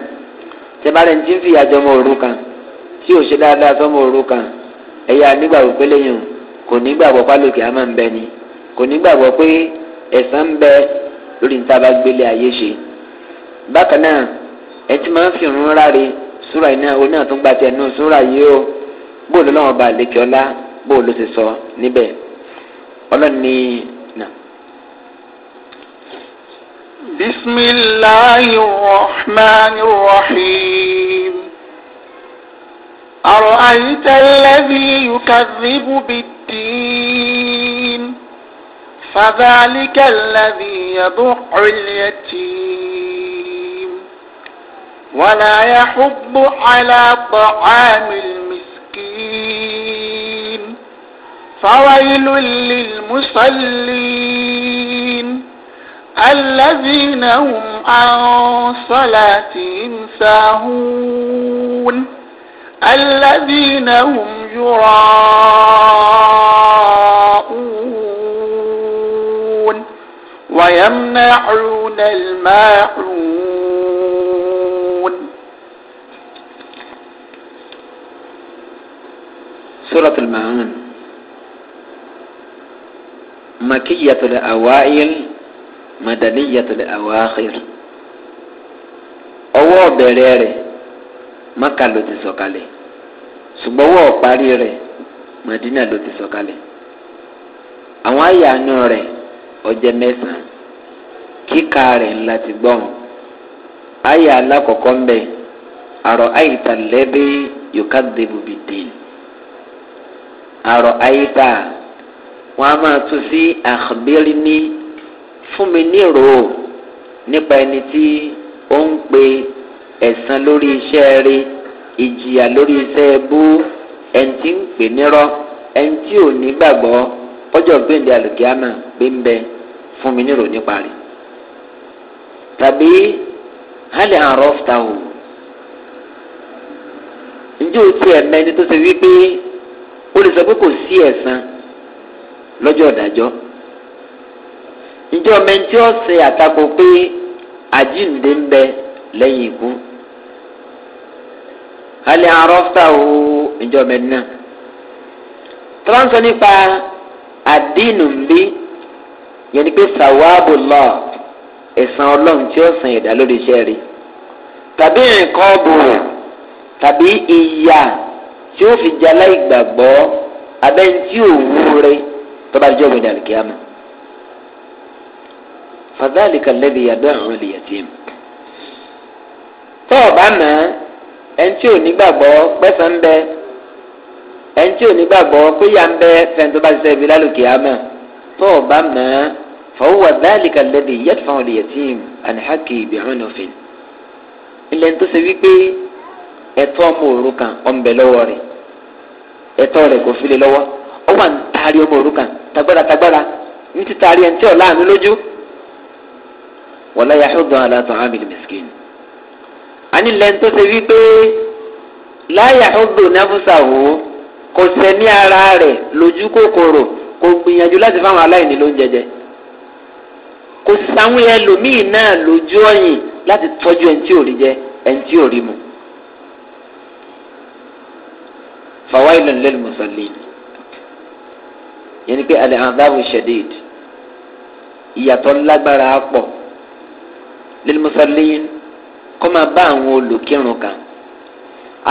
tẹ́bárẹ̀ ń tí ń fi àjọ ọmọ òru kan tí ò ṣe dáadáa sọmọ òru kan ẹ̀yà nígbàgbọ́ pé lẹ́yìn kò nígbàgbọ́ pálókè á máa ń bẹ ni kò nígbàgbọ́ pé ẹ̀sán ń bẹ lórí níta bá gbélé ayé ṣe bákan náà ẹ ti máa ń fi ìrún ráre súra iná oní àtún gba tiẹ̀ nù súra yìí o bó ló lọ́wọ́ ba àlekè ọlá bó ló ti sọ níbẹ̀ ọlọ́ni náà. bisimilahi rahmani rahim aro ayita lẹbi yukazibu bidin fadalika lẹbi yabu ọlẹtin. ولا يحض على طعام المسكين فويل للمصلين الذين هم عن صلاتهم ساهون الذين هم يراءون ويمنعون الماعون سورة المعون مكية الأوائل مدنية الأواخر ọwọ́ ọ̀bẹ̀rẹ̀ rẹ̀ maka ló ti sọ̀kalẹ̀ ṣùgbọ́n ọwọ́ ọ̀parí rẹ̀ madina ló ti sọ̀kalẹ̀ àwọn àyànú rẹ̀ ọjẹ́ mẹ́sàn-án kíkà ńlá ti gbọ́n àyà alákọ̀ọ́kọ́ ń bẹ̀ àrò àyìntàlẹ́bẹ̀ yòókà àrò àyíká wọn a máa tún sí àkàbírí ní fún mi ní nípa ẹni tí ó ń pe ẹ̀sán lórí iṣẹ́ rí ìjìyà lórí iṣẹ́ bú ẹni tí ń pè nírọ́ ẹni tí ò ní gbàgbọ́ ọjọ́ gbẹ̀ndẹ̀ gbé ń bẹ fún mi o o ti ẹ̀mẹ́ni tó ó lè sọ pé kò sí ẹ̀san lọ́jọ́ ìdájọ́ ǹjẹ́ ọmọ ẹni tí ó ṣe àtakò pé àjíǹde ń bẹ lẹ́yìn ikú alẹ́ arọ́fà o ǹjẹ́ ọmọ ẹni náà tọ́lánsọ nípa àdínù ńbí yẹn ni pé sàwáàbù lọ ẹ̀sán ọlọ́run tí ó sàn ẹ̀dá lórí iṣẹ́ rí tàbí ẹ̀kọ́ bùrù tàbí ìyá tí ó fi jalá ìgbàgbọ́ abẹ́ntí òwú rẹ tọ́ba jẹ́ ògbẹ́dẹ àlùkìyàmù. fàdáàlì kàlẹ́bí yàdó àwọn olùyàtìm. tọ́ọ̀bá mọ̀ ẹ̀ntí onígbàgbọ́ pẹ́sàn bẹ ẹ̀ntí onígbàgbọ́ péyà ń bẹ fẹ́ntọ́ bá ṣiṣẹ́ ibi lálùkìyàmù. tọ́ọ̀bá mọ̀ fọwọ́ dáàlì kàlẹ́bí yàtọ̀ àwọn olùyàtìm àníhàkì ìbìrún òfin. ilẹ̀ ń wípé ẹ̀tọ́ ọmọ òru kan ọ̀ ẹ̀tọ́ rẹ̀ kò file lè lọ́wọ́ ó wà ń taari ọmọ òrukàn tagbara tagbára ní ti taari ẹ̀ ń tẹ́ ọ̀ láàánú lójú. wọ́n láyà ṣùgbọ́n aláàtọ̀ amíl miskin. àní lẹ́yìn ṣe wípé láyà ṣùgbọ́n náfúsà wò kò ara rẹ̀ lójú kòkòrò kò gbìyànjú láti fáwọn aláìní ló ń jẹjẹ. kò sáwọn ẹlòmíì náà lójú láti tọ́jú ẹ̀ ń tí ò rí mu. fawailu lil musallin yẹn ni pé alẹ́ adáàbò shadid ìyàtọ̀ lágbára pọ̀ lil musallin kọ́ máa bá àwọn olùkírun kan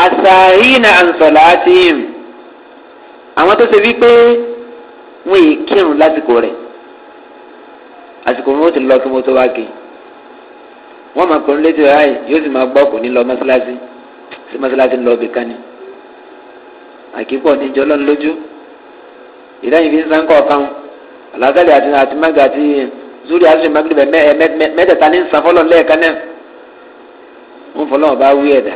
asahina ansalatim àwọn tó ṣe wípé wọn yìí kírun lásìkò rẹ̀ àsìkò wọn ó ti lọ kí wọn tó wá kí wọn máa pẹ̀lú létí rẹ̀ yóò sì máa gbọ́ kò lọ mọ́ṣáláṣí sí mọ́ṣáláṣí ń bìkan ni àkíkọ̀ níjọ́ lọ́n lójú ìdáyìn fi ń sáńkọ ọ̀kan àlàkàlẹ̀ àti àti mága àti zuri asiri magre mẹ́tẹ̀ẹ̀ta ní nsàfọlọ lẹ́ẹ̀kan náà ń fọlọ ọba wí ẹ̀dá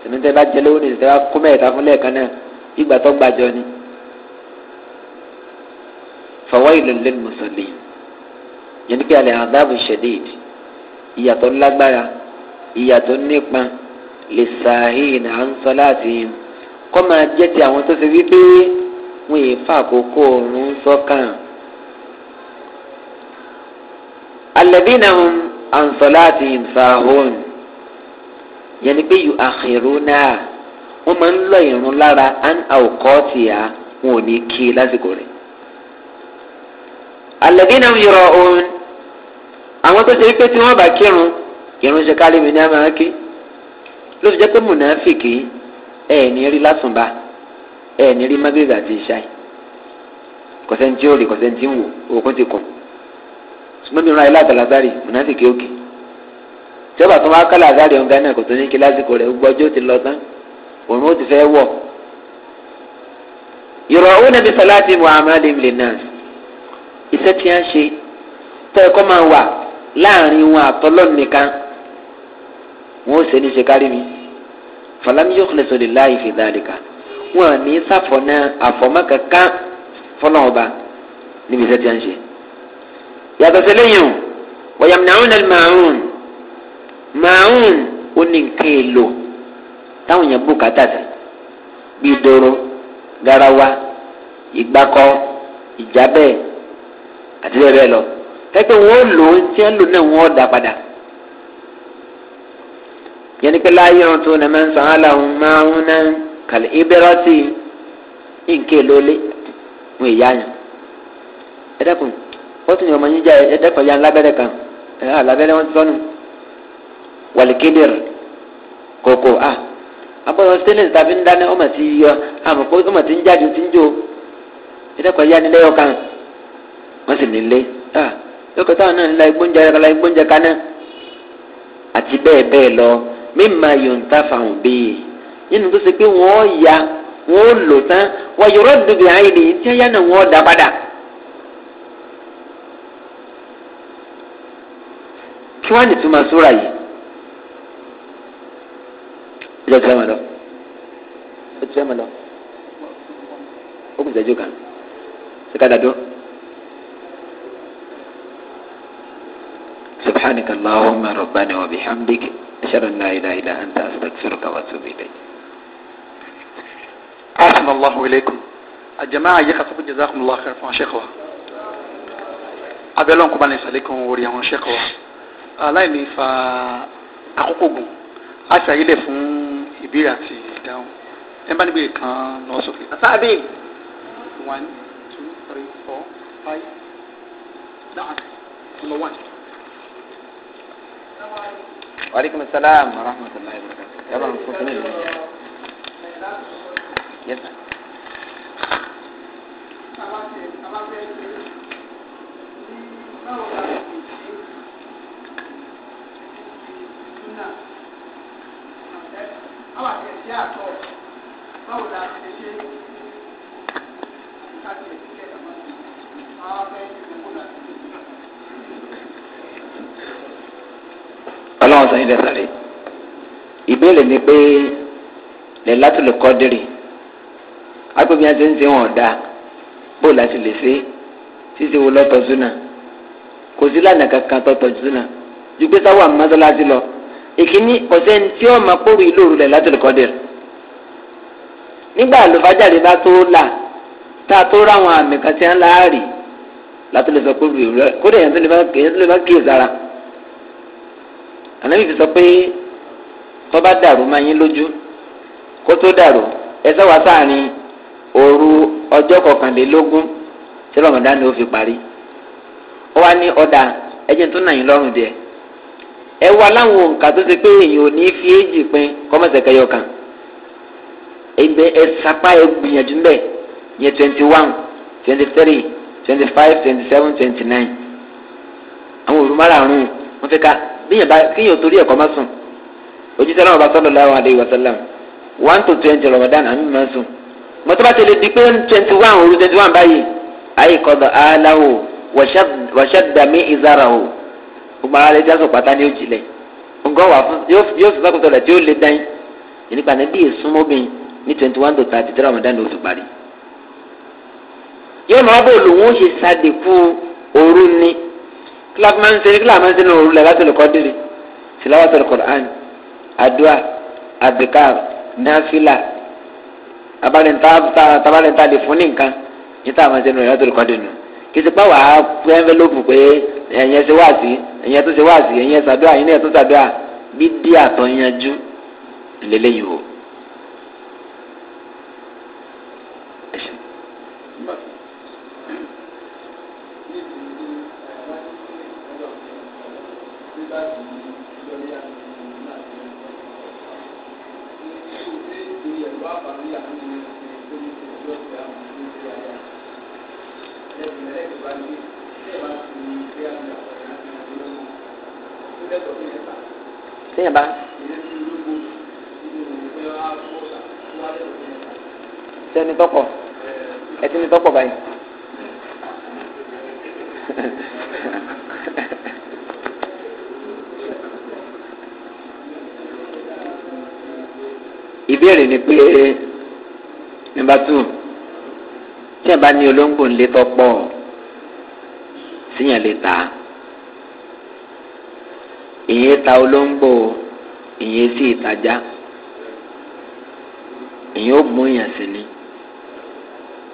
tẹmẹtẹ bá jẹ lówó ní ìsẹwà kó mẹ́ẹ̀ta fún lẹ́ẹ̀kan náà ìgbà tó gbàjọ ni fọwọ́ ìlọlẹ́ mùsùlùmí yẹn kí alẹ́ àdáàbò ṣẹ̀díd ìyàtọ̀ lágbára ìyàtọ̀ nípa lè sàáhìn à ń sọ láti yìí kọ́ máa jẹ́ ti àwọn tó ṣe wípé wọ́n yìí fa àkókò òórùn sọ́kàn. alẹ́bí náà ń ànsọ́lá àti ìfàhón yẹn ni pé yù àkèrò náà wọ́n máa ń lọ ìrún lára án àwòkọ́ tìyà wọn ò ní kí lásìkò rẹ̀. alẹ́bí náà ń yọrọ òun àwọn tó ṣe wípé tí wọ́n bá kírun kírun ṣe kálí mi ní àmàkí ló fi jẹ́ pé mùnàfíkì yìí ẹ ní rí lásùnbà ẹ ní rí magreth àti ìṣáì kọsẹ́ntì ó rí kọsẹ́ntì ń wò òkun ti kù ṣùgbọ́n mi ràn ayé látàlá sáré mùnátìkì òkè tíọ́bà tó wá kálá sáré ọ̀gá náà kò tó ní kí lásìkò rẹ̀ gbọ́ ọjọ́ ti lọ tán òun ó ti fẹ́ wọ̀ yọ̀rọ̀ owó nàbí sọláàtì muhammed imle náà iṣẹ́ tí a ń ṣe tọ́ ẹ̀kọ́ máa wà láàrin wọn àtọ́lọ́ nìkan wọn ó ṣe ní ṣe kárí mi falami yóò kúlẹ̀ sọ̀rọ̀ láàyè fi dáadéka wọn ní sáfọ̀nà àfọ̀mọ́ kankan fọlọ́ọ̀ba níbi iṣẹ́ tí a ń ṣe. yàtọ̀ sí lẹ́yìn o wọ̀yàmìnàún náà màáhùn màáhùn ó ní nǹkan èlò táwọn èèyàn bù kátà sí bíi doro garawa ìgbàkọ ìjábẹ́ àti bẹ́ẹ̀ bẹ́ẹ̀ lọ. kẹ́kẹ́ wọn ò lò ó tí lò náà wọ́n ò dá padà yẹni pé láyé ohun tó nàmẹ́ ń sàn án làwọn máa ń ná kàlẹ́ ibẹ́rọ́sì nké lólé wọn èyí àyàn ẹ dẹ́kun wọ́n tún ní ọmọ yín jẹ́ ẹ dẹ́kun ya ńlábẹ́rẹ́ kan ẹ hàn lábẹ́rẹ́ wọn sọ́nù wàlíkédèrè kòkò a abọ́yọ stainless tàbí ń dáná ọmọ ti yọ àmọ́ pé ọmọ ti ń jáde ti ń jò ẹ dẹ́kun ya nílé ọkàn wọ́n sì nílé a lókè táwọn náà ń la igbóúnjẹ kaná àti bẹ́ẹ̀ bẹ́ẹ̀ lọ mímà yòǹtà fàwọn bẹ́ẹ̀ nínú tó ṣe pé wọ́n ya wọ́n lò tán wọ́n yọ̀rọ̀ dùbì àyè nìyí tí ẹ̀yà náà wọ́n dá padà. kí wọ́n á nìtúmọ̀ sóra yìí. ìjọba ti fẹ́ mọ̀ lọ. ó ti fẹ́ lọ. ó kùn ìdájọ́ kan. ṣé ká dàdó. سبحانك اللهم ربنا وبحمدك أشهد أن لا إله إلا أنت أستغفرك وأتوب إليك أحسن الله إليكم الجماعة يخطب جزاكم الله خير fún ṣẹ́kọ̀ọ́ abẹ́lọ́n kó bá ní ìsàlẹ̀kùn orí àwọn ṣẹ́kọ̀ọ́ aláìní fa àkókò gùn a ṣàyílẹ̀ fún ìbéèrè àti ìdáhùn ẹ bá níbi kan lọ sókè. àsáàbì. one two three four five nine number one. وعليكم السلام ورحمة الله وبركاته يلا نصوت يسأل Thank you. ọlọ́run sàn yín lẹ́sàn rẹ̀ ìbéèrè ni pé lẹ́látò lè kọ́ dérè agbègbè yẹn ti ń ṣe wọn ọ̀dà bó láti lè ṣe ṣíṣe wo lọ́tọ̀ súnà kò sí lànà kankan tọ́tọ̀ súnà ju pé sáwọ́ àmì mọ́sálásí lọ ìkíní ọ̀sẹ̀ tí ó máa kóru ìlú òru lẹ́látò lè kọ́ dérè nígbà àlùfájàre bá tó là tá a tó ráwọn àmì kan tí wọ́n láàrì látò lè sọ pé kó dé yẹn ànábì fi sọ pé tọ́ba dàrú máa yín lójú kó tó dàrú ẹsẹ̀ wá sáàrin òru ọjọ́ kọkànlélógún tí ni ó fi parí ó wá ní ọ̀dà ẹjẹ́ tó nà yín lọ́rùn díẹ̀ ẹ wá láwọn òǹkà tó ṣe pé èèyàn ò ní fi éjì pin kọ́mọ̀sẹ̀ kan ẹgbẹ́ ẹ sapá bíyàn bá kíyàn torí ẹ̀kọ́ má sùn òjíṣẹ́ náà bá sọ́dọ̀ láwọn àdéhùn wasalam one to twenty ramadan àmì má sùn mọ́tò bá tẹ̀lé di pé twenty one òru twenty one báyìí ayé kọ́dọ̀ aláwo wàṣàdàmí o gbogbo ara rẹ̀ jásọ̀ pátá ní òjìlẹ̀ ǹgọ́ wà fún yóò fi sákòtò rẹ̀ tí ó lè dáyìn ìnípa ní bí ìsúnmọ́bìn ní twenty one to thirty three ramadan ló ti parí yóò máa bọ̀ lòun ó ṣe sádẹ́kù òru ni kílá máa ń ṣe kílá máa ń ṣe ní òru lẹ́la tó lè kọ́ délé tìláwà tó lè kọ́ àn àdúrà àdìkàr náfìlà tabalẹ̀ntà lè fún ní nǹkan yìí tá a máa ń ṣe ní òru lẹ́la tó lè kọ́ délé kìsì pa wàá fún ẹnvẹlópù pé ẹ̀yẹ ṣe wáàsí ẹ̀yẹ tó ṣe o. wá pàdé àwọn ènìyàn tó ní ìṣòro ọ̀sẹ̀ àwọn ènìyàn tó yà yà. ẹ̀sìn ẹ̀sìn bá dé ṣé ìbá ti ní ìgbé àgbà ọ̀rẹ́ àti ìdílé wọn. ó lẹ́kọ̀ọ́ ni tọ́pọ̀ báyìí. ìbéèrè ni pé nígbà tó tí ẹ bá ní olóńgbò ń lé tọ́pọ̀ síyàn lè ta ìyẹn ta olóńgbò ìyẹn sì ìtajà ìyẹn ó gbọ́n yàn sí ni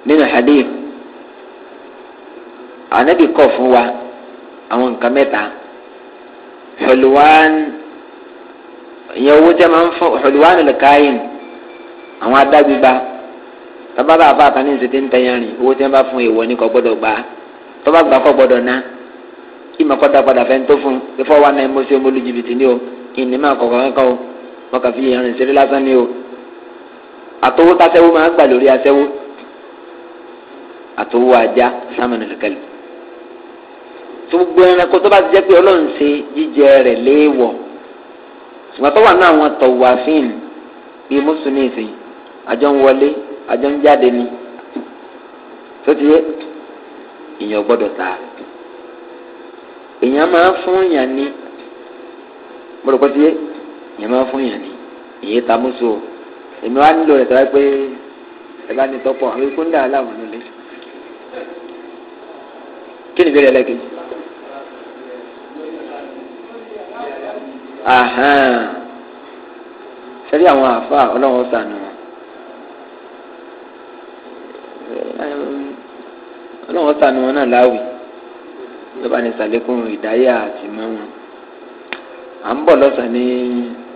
nínú hadith anabi kọ̀ fún wa àwọn nǹkan mẹ́ta xulwan ìyẹn owó tẹ́ máa ń fún ọ̀dùwánì lẹ́kàáyìn àwọn adágbéba tábàbà àbá àkànní ń ṣètè ń tẹ̀yàrin owó tẹ́ bá fún ìwọ ní kò gbọ́dọ̀ gbà á tọ́ba gbà kò gbọ́dọ̀ ná kí màkọ́ da padà fẹ́ ń tó fún bí fọ́ wa náà mo ṣe mọ́lú jìbìtì ni o ìní máa kọ̀kọ́ kọ́ o mo kà fi ìrìn ṣeré lásán ni o àtọwó tásẹ́wó máa gbà lórí asẹ́wó àtọwó ajá sámánì lẹ́kẹ́lẹ́ tó gbogbo ẹranko tó bá ti jẹ́ pé ọlọ́run ṣe jíjẹ rẹ̀ léèwọ̀ ṣùgbọ́n tó wà ní àwọn bíi mùsùlùmí ìsìn àjọ ń ni tó ti yé èèyàn gbọ́dọ̀ ta èèyàn máa fún yàn ní gbọ́dọ̀ pẹ́ ti èèyàn máa fún yàn ní èyí ta o èmi wá nílò rẹ̀ pé ẹ bá ní tọ́pọ̀ àwọn ikú ahàn sẹ́rí àwọn àfa ọlọ́run sànù ọlọ́run sànù wọn náà láwì ìjọba ní sàlékún ìdáyà àti mọ́ wọn à ń bọ̀ lọ́sàn-án ní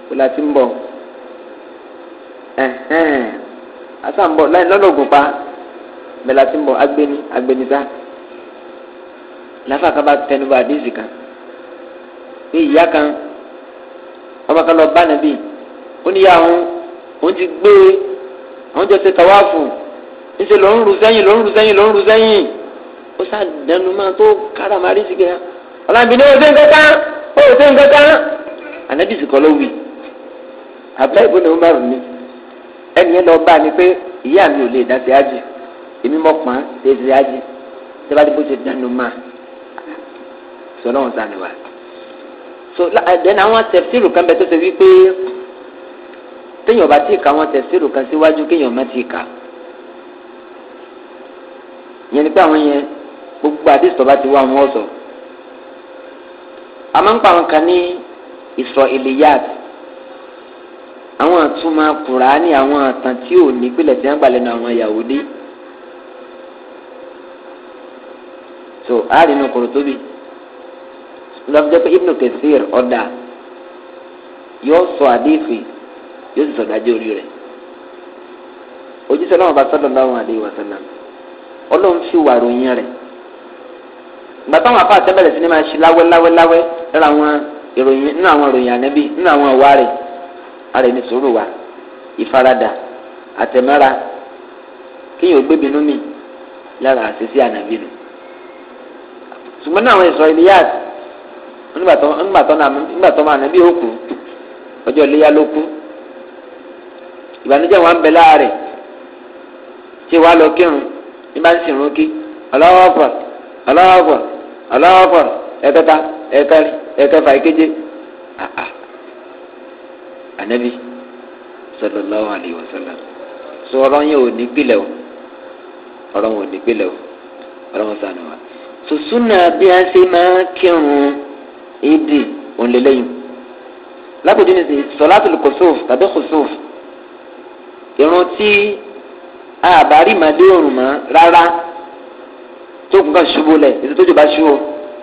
kólá tí ń bọ̀ lọ́lọ́gùn pa ń bọ̀ ọba kan lọ bá nàbí ó níyà òun òun ti gbé àwọn e. jọ ṣe tàwáàfù ńṣe ló ń rù sẹ́yìn ló ń rù sẹ́yìn ló ń rù sẹ́yìn ó ṣàdánù máa tó káramárí sí kẹ́hà ọ̀làǹbì ní òṣèǹ kẹta òṣèǹ kẹta ànábì sì kọ́ ló wì abẹ́ ìbò ni wọ́n bá rù mí ẹni yẹn lọ bá a ní pé ìyá mi ò lè dá sí ájì èmi mọ̀ pọ́n ṣe é ájì tí a bá dé bó ṣe dánù máa sọ náà sànù wa so ẹ̀dẹ́n eh, àwọn tẹ̀síìrù kan bẹ tó ṣe wípé téèyàn bá ti kà àwọn tẹ̀síìrù kan síwájú kéèyàn má ti kà yẹn ni pé àwọn yẹn gbogbo àdìs tó bá ti wá wọn sọ a máa ń pa àwọn kan ní ìsọ ìlíyàt àwọn àtúmọ̀ kùránì àwọn àtàn tí ò ní pílẹ̀ tí wọ́n gbà lẹ́nu àwọn yahoo dé so àárínú kòrò tóbi lọ́jọ́ pé ibnu kẹsìr ọ̀dà yóò sọ àdéhìí yóò sì sọ̀dájọ́ orí rẹ̀ ojúṣe náà bá sọ́dọ̀ láwọn àdéhìí wà sọ́dọ̀ ọlọ́run fi wà ròyìn rẹ̀ ìgbà táwọn apá àtẹ́bẹ̀rẹ̀ sí ni máa ṣe láwẹ́ láwẹ́ láwẹ́ lára àwọn ìròyìn nínú àwọn ìròyìn ànẹ́bí nínú àwọn ọ̀wá rẹ̀ àrẹ̀ ní sòrò wa ìfaradà àtẹ̀mẹ́ra kéèyàn gbébinú mi lára àṣìṣe ànàbí rẹ̀ ṣùgbọ́n náà àwọn ìsọ̀rọ̀ ìlíyàtì ńgbà tó máa nàbí òkun ọjọ́ iléyà ló kú ìbànújẹ́ wọn bẹ láàrẹ̀ tí wàá lọ kírun ní bá ń sìnrún kí ọlọ́wọ́pọ̀ ọlọ́wọ́pọ̀ ọlọ́wọ́pọ̀ ẹ̀kẹta ẹ̀kẹrin ẹ̀kẹfà ẹ̀keje àà ànábi sọlọ́láwọ́ àlè wọ́sọ̀lá sọ ọ̀rọ̀ yẹn ò ní pilẹ̀ o ọ̀rọ̀ wọn ò ní pilẹ̀ o ọ̀rọ̀ wọn sànù wa sùsùnà bí a ṣe máa kírun ìdì òǹlẹ́lẹ́yìn lápòjú ní sọlátùl kòsóf tàbí kòsóf irun tí àbárí màdé òrùn mọ́ rárá tó kún ká ṣubú lẹ̀ ètò tó jù bá ṣú o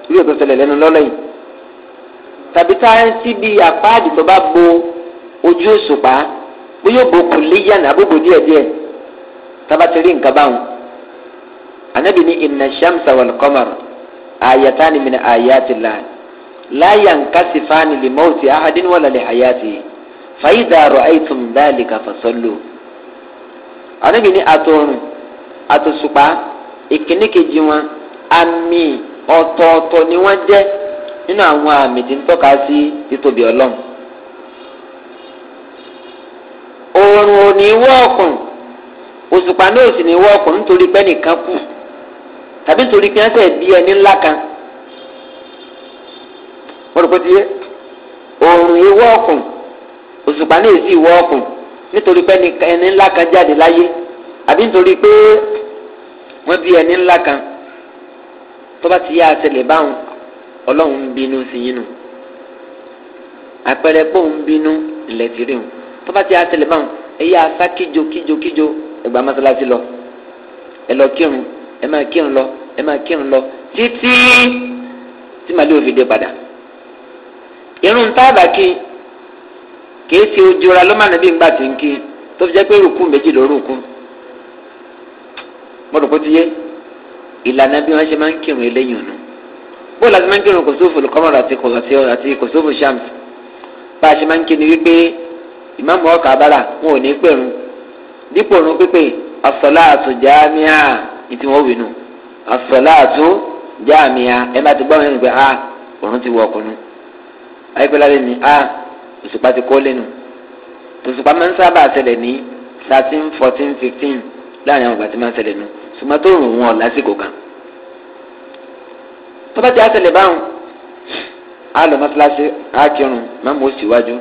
ilé ìtọ́ sẹlẹ̀ lẹ́nu lọ́lọ́ yìí tàbí táyà sí bí àpáàdì tó bá bo ojú òṣùpá bí yóò bo kùlíyàn àbúgbò díẹ̀díẹ̀ tábà ti rí nǹkan báwọn anábì ní ìnà sàmsà wàlúkọ́mọ̀rọ̀ àyàtá ni mìíràn àyàtì láàyè láyà ń kásì fáànì lè mọ́ọ̀tì ahadin wọ́n lálẹ́ àyàtì fàyídàrọ̀ àìtùm dáàlì kàfàsọ́lò. àdébì ní àtọ̀rùn àtòṣùpá ìkíní kejì wọn àmì ọ̀tọ̀ọ̀tọ̀ ni wọ́n jẹ́ nínú àwọn àmì tí ń tọ́ka sí títóbi ọlọ́run. oorun ò ní wọ́ ọ̀kùn òṣùpá náà sì ní wọ́ ọ̀kùn nítorí pẹ́ nìkan kù tàbí nítorí pé wọ́n sẹ̀ bí ẹni ńlá kan wọ́n kò tiye òòrùn yìí wọ́ọ̀kùn òṣùpá ní èsì wọ́ọ̀kùn nítorí pé ẹni ńlá kan jáde láyé àbí nítorí pé wọ́n bí ẹni ńlá kan tó bá ti yá àṣẹlẹ̀ báwọn ọlọ́run ń bínú sí yín nù àpẹẹrẹ pé òun bínú ilẹ̀ ti rí wọn tó bá ti yá àṣẹlẹ̀ báwọn ẹ̀yà asá kíjo kíjo kíjo ẹgbàá mọ́sálásí lọ ẹ lọ kírun ẹ máa kírun lọ ẹ máa kírun lọ títí tí màlúù fi dé padà irun táàbà kí kìí ṣe ojúra ló má nàbí ńgbà tí ń kí tó fi jẹ́ pé rùkú méjì ló rùkú mo rò kó ti yé ìlànà bí wọ́n ṣe máa ń kírun eléyìí nù bó láti máa ń kírun kòsófò lùkọ́mọ̀rọ̀ àti kòsófò àti kòsófò shams bá a ṣe máa ń kí ni wípé ìmáàmù ọkà abára wọn ò ní pẹ̀rùn dípò òrùn pípé asọ̀láàtù jáàmíà ní tí wọ́n wí nù asọ̀láàtù jáàmíà ẹ bá ti gbọ́ wọn ní pé a ah, òrùn ti wọ ọkùnrin ayípẹ́lálẹ́ ni a ah, òṣùpá ti kọ́ lẹ́nu òṣùpá máa ń sábà ṣẹlẹ̀ ní thirteen fourteen fifteen láàrin àwọn ìgbà tí máa ń ṣẹlẹ̀ nu ṣùgbọ́n tó rùn wọn lásìkò kan tó bá ti á ṣẹlẹ̀ báwọn á lọ mọ́tíláṣí á kírun máa mú oṣù iwájú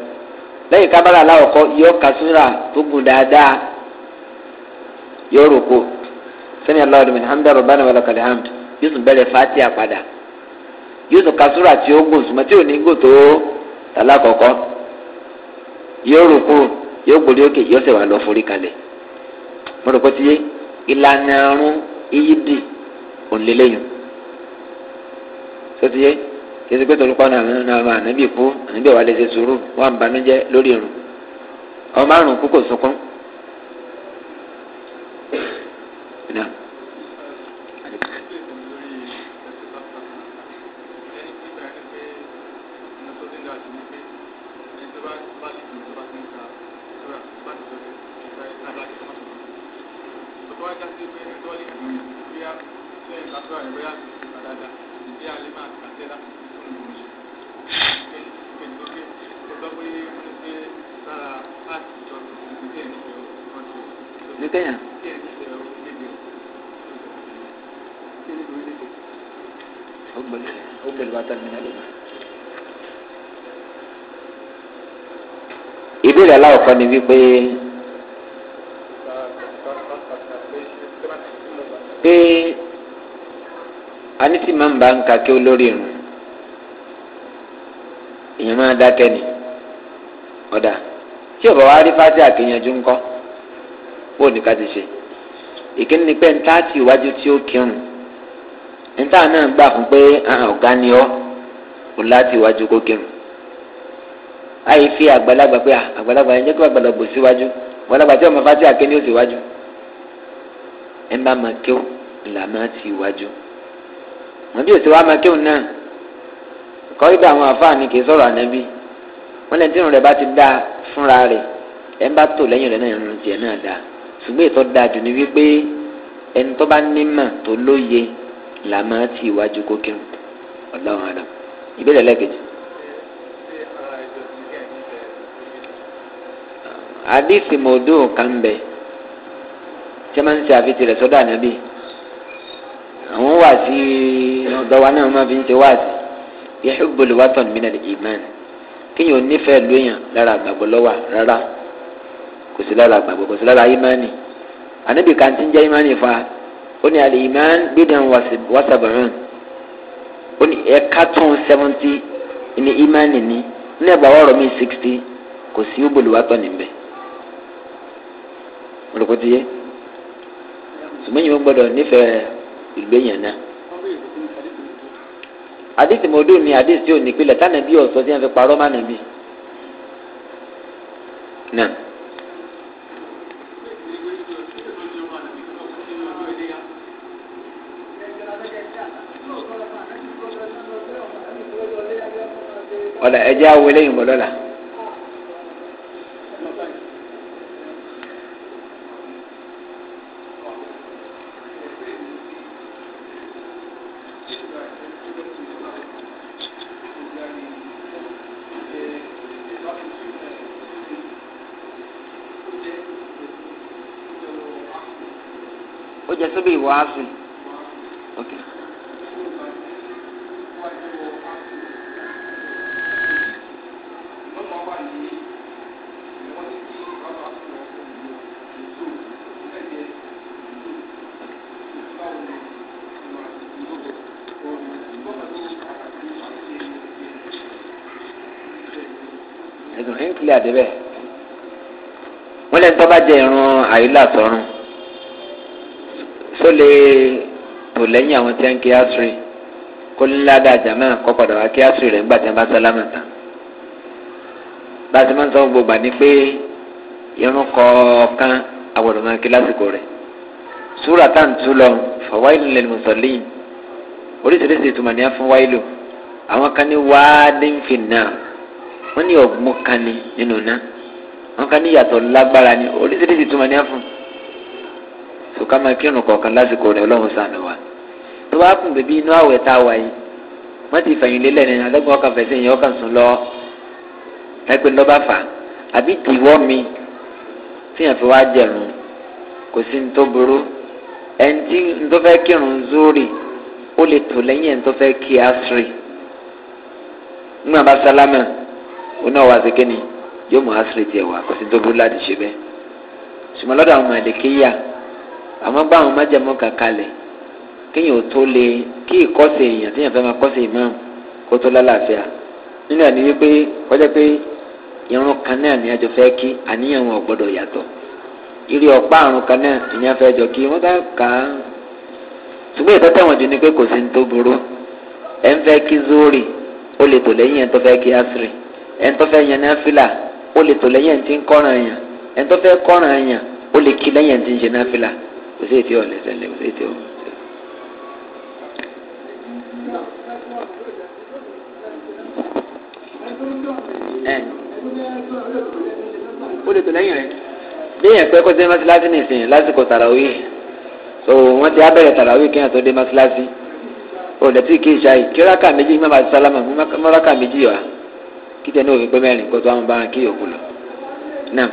lẹ́yìn kábàrà aláwọ̀kọ́ yọ kásúrà tó gùn dáadáa yọ rò kó sani aláwọ̀ dùnmí hàmdà rọ̀bánà wàlúkàlẹ̀ hàmd yóò tún bẹ̀rẹ̀ fàtíà padà yóò tún ka súrà tí ó gùn sùmọ́ tí ò ní gùn tó alákọ̀ọ́kọ́ yóò rò kúrò yóò gbòdì òkè yóò sì wà lọ forí kalẹ̀ mo rò pé ti yé ìlànà ọ̀run iyídì e e òǹlẹ́lẹ́yìn tó ti yé kìsì pé tolúkọ náà nínú ọmọ ànábì kú ànábì wà lè ṣe sùúrù wọn ń banújẹ lórí irun ọmọ àrùn kú kò sunkún. ìbéèrè aláwọ̀kọ́ ni wípé pé anítí máa ń bá ń ka kí irun èèyàn máa dákẹ́ ni ọ̀dà tí ọ̀bà wa rí fásitì àkìyànjú ńkọ́ bó ní ká ti ṣe ìkíni ni pé ń tá ti iwájú tí ó kírun ń tá náà gbà fún pé ah, ọ̀gá ni ọ́ kò láti iwájú kó kírun àyè fi àgbàlagbà pé àgbàlagbà yẹn jẹ́ kó àgbàlagbà ò síwájú àgbàlagbà tí ọmọ fati akéwì ò síwájú ẹ má máa kéw là máa ti wájú wọn bí òsèwà máa kéw náà kọ́ ibà àwọn àfáàní kì í sọ̀rọ̀ ànábì wọn lẹ́yìn tí irun rẹ̀ bá ti dá fúnra rẹ̀ ẹ̀ ń bá tò lẹ́yìn rẹ̀ náà irun tiẹ̀ náà dá ṣùgbọ́n ètò dáa jù ni wípé ẹni tó bá nímọ̀ tó lóye là ti wájú kókèrún ọ̀dọ́ àdàm ìbéèrè lẹ́ẹ̀kejì. hadisi mọ̀ọ́dún kan bẹ̀ tí a máa ń ṣe àfitì rẹ̀ sọ́dọ̀ ànábì àwọn wáàsí ọ̀dọ́ wa náà máa fi ń ṣe wáàsí yahubbul watan minal iman kéèyàn onífẹ̀ẹ́ lóyàn lára àgbàgbọ́ lọ́wọ́ rárá kò sí lára àgbàgbọ́ kò sí imani ànábì kan ti imani fa oni ní àlè iman gbẹdàn wàsàbọ̀rún ó ní ẹ̀ka seventy ní imani ni, ní ẹ̀bà ọ̀rọ̀ mi sixty kò sí ubùlùwàtọ̀ níbẹ̀ olùkọ́tí yé sùmọ́yìn mi gbọ́dọ̀ nífẹ̀ẹ́ ìgbéyàn náà àdìsí mọ́dún ni àdìsí tí ò ní pilẹ̀ tánà bí ọ̀sọ́ tí wọ́n fi parọ́ mánà bí náà. ọ̀la ẹ̀jẹ̀ awo eléyìí mọ́ lọ́la. wàá sùn. Okay. ẹ̀sùn ń kílẹ̀ àdébẹ̀ wọ́n lẹ́nu tó bá jẹ irun àyílà sọ́run lè tò lẹ́yìn àwọn tí wọ́n ń kí asiri kó ńláda àjàmọ́ kọ́ padà wá kí asiri rẹ̀ ńgbà tí wọ́n bá sálámà tán bá a ti máa ń sọ gbogbo àní pé irun kọ̀ọ̀kan àwọ̀dọ̀ máa kí lásìkò rẹ̀ súrà tá à ń tú lọ fàwáìlú lẹ́nu mùsọ̀lẹ́yìn oríṣiríṣi ìtumọ̀ ní afún wáìlú àwọn kan ní wáádínfì náà wọ́n ní ọ̀gbun kan ní nínú náà wọ́n kan ní ìyàtọ̀ lágbára ní oríṣiríṣi ìtumọ̀ ní afún. ká máa kírun kọ̀ọ̀kan lásìkò rẹ̀ ọlọ́run sàmì wa tó bá bèbí inú àwẹ̀ tá a wà yìí wọ́n ti fẹ̀yìn lélẹ̀ ní ọkàn ọkàn sùn lọ ní fà àbí mi tíyàn fi wá kò sí ní tó burú ẹni tí ní tó asiri ńgbà bá sálámà oní yóò mú asiri wá kò àmọ́ bá àwọn májẹ̀mọ́ kàkalẹ̀ kéèyàn tó lè kí ìkọ́sẹ̀ èèyàn téèyàn fẹ́ máa kọ́sẹ̀ ìmáà kó tó lálàáfíà nínú àní wípé kọjá pé irun kan náà ni àjọ fẹ́ kí àníyàn wọn gbọ́dọ̀ yàtọ̀ irú ọ̀pá àrùn kan náà ìní afẹ́ jọ kí wọ́n bá kà á ṣùgbọ́n ìtọ́ tẹ̀wọ̀n jù ni pé kò sí ní tó burú ẹ̀ ń fẹ́ kí zóòrì ó lè tò lẹ́yìn ẹ̀ ń tó fẹ́ kí asiri ẹ̀ ń tó fẹ́ yan náfìlà ó lè tò lẹ́yìn ẹ̀ ń tí ń kọ́ràn yàn ẹ̀ ń tó fẹ́ kọ́ràn yàn ó lè kí lẹ́yìn ẹ̀ ń tí ń ṣe náfìlà kò sí ètí ọ̀lẹ́ ṣẹlẹ̀ kò sí ètí ọ̀lẹ́ ṣẹlẹ̀. ẹ o lè tó lẹ́yìn rẹ̀. léèyàn pẹ́ kó dé mọ́síláṣí nìsín lásìkò tàràwí so wọ́n ti abẹ́rẹ́ tàràwí kéèyàn tó dé mọ́síláṣí o lè tí kì í ṣáì kí ọ́ráka méjì má bàa sálámà mọ́ráka méjì wá kí tẹ̀ ní òfin pé mẹ́rin kó tó àwọn bá wọn kí yòókù lọ. náà.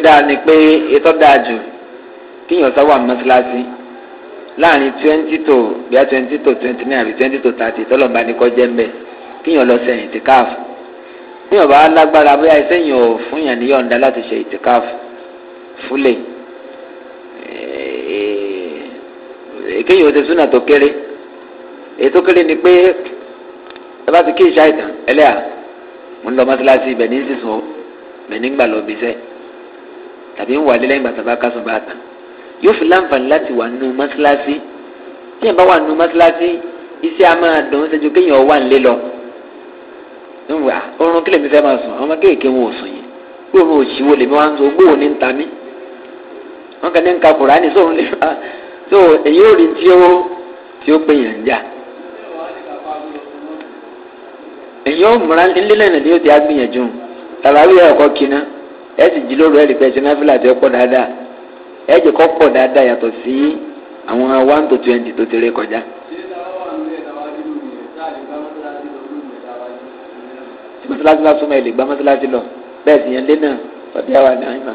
dáa ni pé ètò dáa jù kíyàn sáwà mọ́síláṣí láàrin twenty to bíi twenty to twenty nine àbí twenty to thirty tọ́lọ̀mbá ni kọ́ jẹ́ mbẹ́ kíyàn lọ sẹ́yìn ìtìkáàfù kíyàn bá lágbára bóyá ìsẹ́yìn ò fún yàn níyọ̀ǹda láti ṣe ìtìkáàfù fúlẹ̀ èkéyìí ò ti súnà tó kéré èyí tó kéré ni pé ẹ bá ti kí ìṣá ìtàn ẹlẹ́yà mo ń lọ mọ́síláṣí ibẹ̀ ní sísun o ibẹ̀ nígbà lọ bí sẹ́yìn tàbí ń wàlé lẹ́yìn gbàtà bá kásùn bá tán yóò fi láǹfààní láti wà nù mọ́sálásí tí yẹn bá wà nù mọ́sálásí iṣẹ́ a máa dùn ṣe ju kéèyàn wà nílé lọ. oorun kílẹ̀ mi fẹ́ máa sùn ọmọ kéèké wọn ò sùn yìí gbóòórùn òṣìwò lèmi wá ń sọ gbóòórùn ní ń ta mí. wọn kàn ní ń ka kùránì sóòrùn lè fa so èyí ò rí tí ó tí ó pè yàn ń jà. èyí ò múra nílé ni ó ti á gbìyànjú tàbí àwọn ẹ̀kọ́ kiná ẹ sì jí lóru ẹ̀rì pẹ̀sẹ̀ náfìlà tí ó pọ̀ dáadáa ẹ jẹ́ kọ́ pọ̀ dáadáa yàtọ̀ sí àwọn one to twenty tó ti ré kọjá. tí mọ́sálásí bá súnmọ́ ẹ lè gbá mọ́sálásí lọ bẹ́ẹ̀ sì yẹn lé náà ọdẹ àwa ni àyìnbá.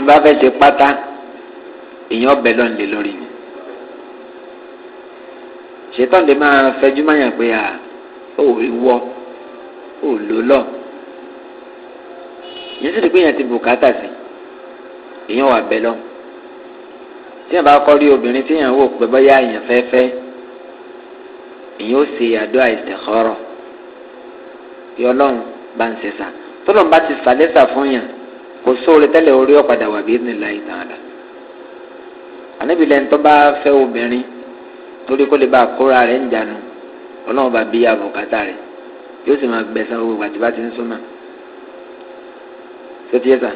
mùsùlùmí bá fẹ́ ṣe pátá èèyàn ọbẹ̀ lọ́n lè lórí mi ṣètọ́n lè máa fẹjú máa yàn pé à ó wọ ó lò lọ yẹn sì ti pé èèyàn ti bùkátà sí èèyàn wà bẹ́ lọ tí èèyàn bá kọ́ rí obìnrin tí èèyàn wò pé bóyá èèyàn fẹ́ fẹ́ èèyàn ó ṣe àdó àìsèkọ́rọ̀ yọ lọ́hùn bá ń ṣe sà tọ́lọ́n bá ti sàlẹ́sà fún yàn kò sóore tẹ́lẹ̀ orí ọ̀padà wà bí ní láì tàn án. ànábì lẹ́nu tó bá fẹ́ obìnrin torí kó lè bá àkóra rẹ̀ ń jánu ọlọ́run bá bí àbùkátà rẹ̀ yóò sì máa gbẹ̀sán owó ìgbà tí bá ti ń súnmọ́. sọ́tíyẹ́sà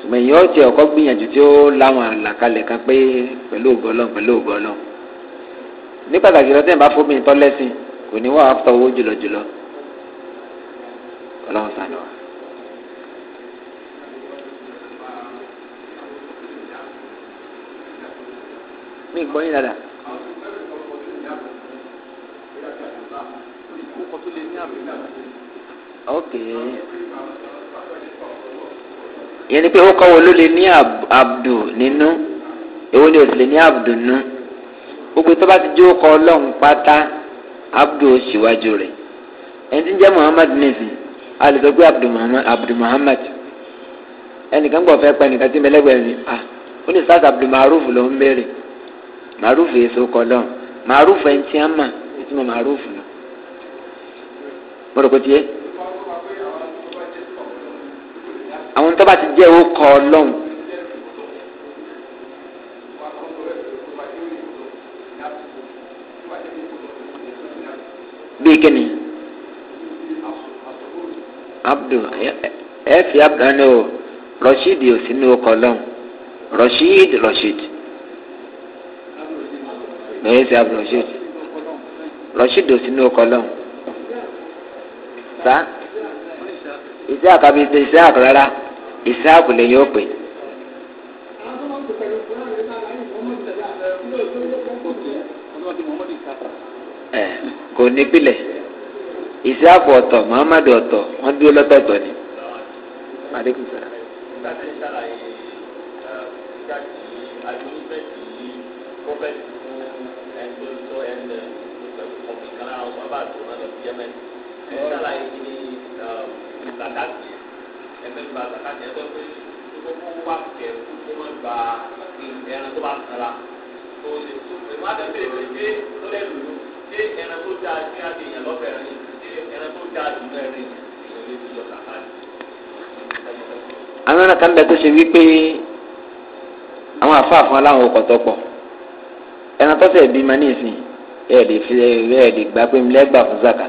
ṣùgbọ́n èèyàn ọ̀jẹ̀ ọ̀kọ́ gbìyànjú tí ó láwọn àlàkalẹ̀ kan pé pẹ̀lú ògbọ́lọ́ pẹ̀lú ògbọ́lọ́ ní pàtàkì lọ́tẹ̀ bá fóbìnrin tọ́lẹ́sìn kò ní wọ́n á tọ́ owó jùlọ jùlọ ọlọ́run sànù wa. mi gbọ́ yín dáadáa. ok ìyẹn ni pé ó kọ́ wo ló lè ní abdu nínú èwo ni ó sì lè ní abdu nínú gbogbo tó bá ti jó kọ ọlọ́run pátá abdu ó ṣíwájú rẹ̀ ẹni tí ń jẹ́ muhammad nìsín a lè sọ pé abdu muhammad ẹnìkan gbọ́ fẹ́ pẹ́ nìkan tí mẹlẹ́gbẹ̀ẹ́ ni ah ó lè sáàtà abdu maruf ló ń màrúfù èso kọlọ màrúfù ẹni tí a mà ètí mo màrúfù lọ mo rò pé tiẹ àwọn tó bá ti jẹ́ òkọ ọlọ́run. bíi kíni abdul ẹ fi abdul ní o rashid yóò sí ní òkọ ọlọ́run rashid rashid. lẹ́yìn sí abu rashid rashid ò sí ní ọkọ lọ́hùn sá isaac àbí isaac rárá isaac lẹ́yìn ó pè. kò ní pilẹ̀ isaac ọ̀tọ̀ muhammad ọ̀tọ̀ wọ́n dúró lọ́tọ̀ọ̀tọ̀ ni. aleykum Abbas tó máa lọ sí Yemen ẹ sàlàyé kí ni zakati um, ẹ fẹ́ gba zakati ẹ fẹ́ pé kókó wà kẹ kókó má gba ẹran tó bá sara tó lè tó lè má dẹ́ bèrè pé ṣé ó lè lù ú ṣé ẹran tó dáa ṣé á di èèyàn lọ́fẹ̀ẹ́ rẹ̀ ṣé ẹran tó dáa jù náà rẹ̀ èèyàn lè fi yọ zakati. àwọn ẹran kan bẹ tó ṣe wípé àwọn àfáàfún aláwọn ọkọ̀ tọ́pọ̀ ẹran tó fẹ́ ní ìsìn bẹ́ẹ̀ lè fi bẹ́ẹ̀ lè gbà pé lẹ́gbà fún zaka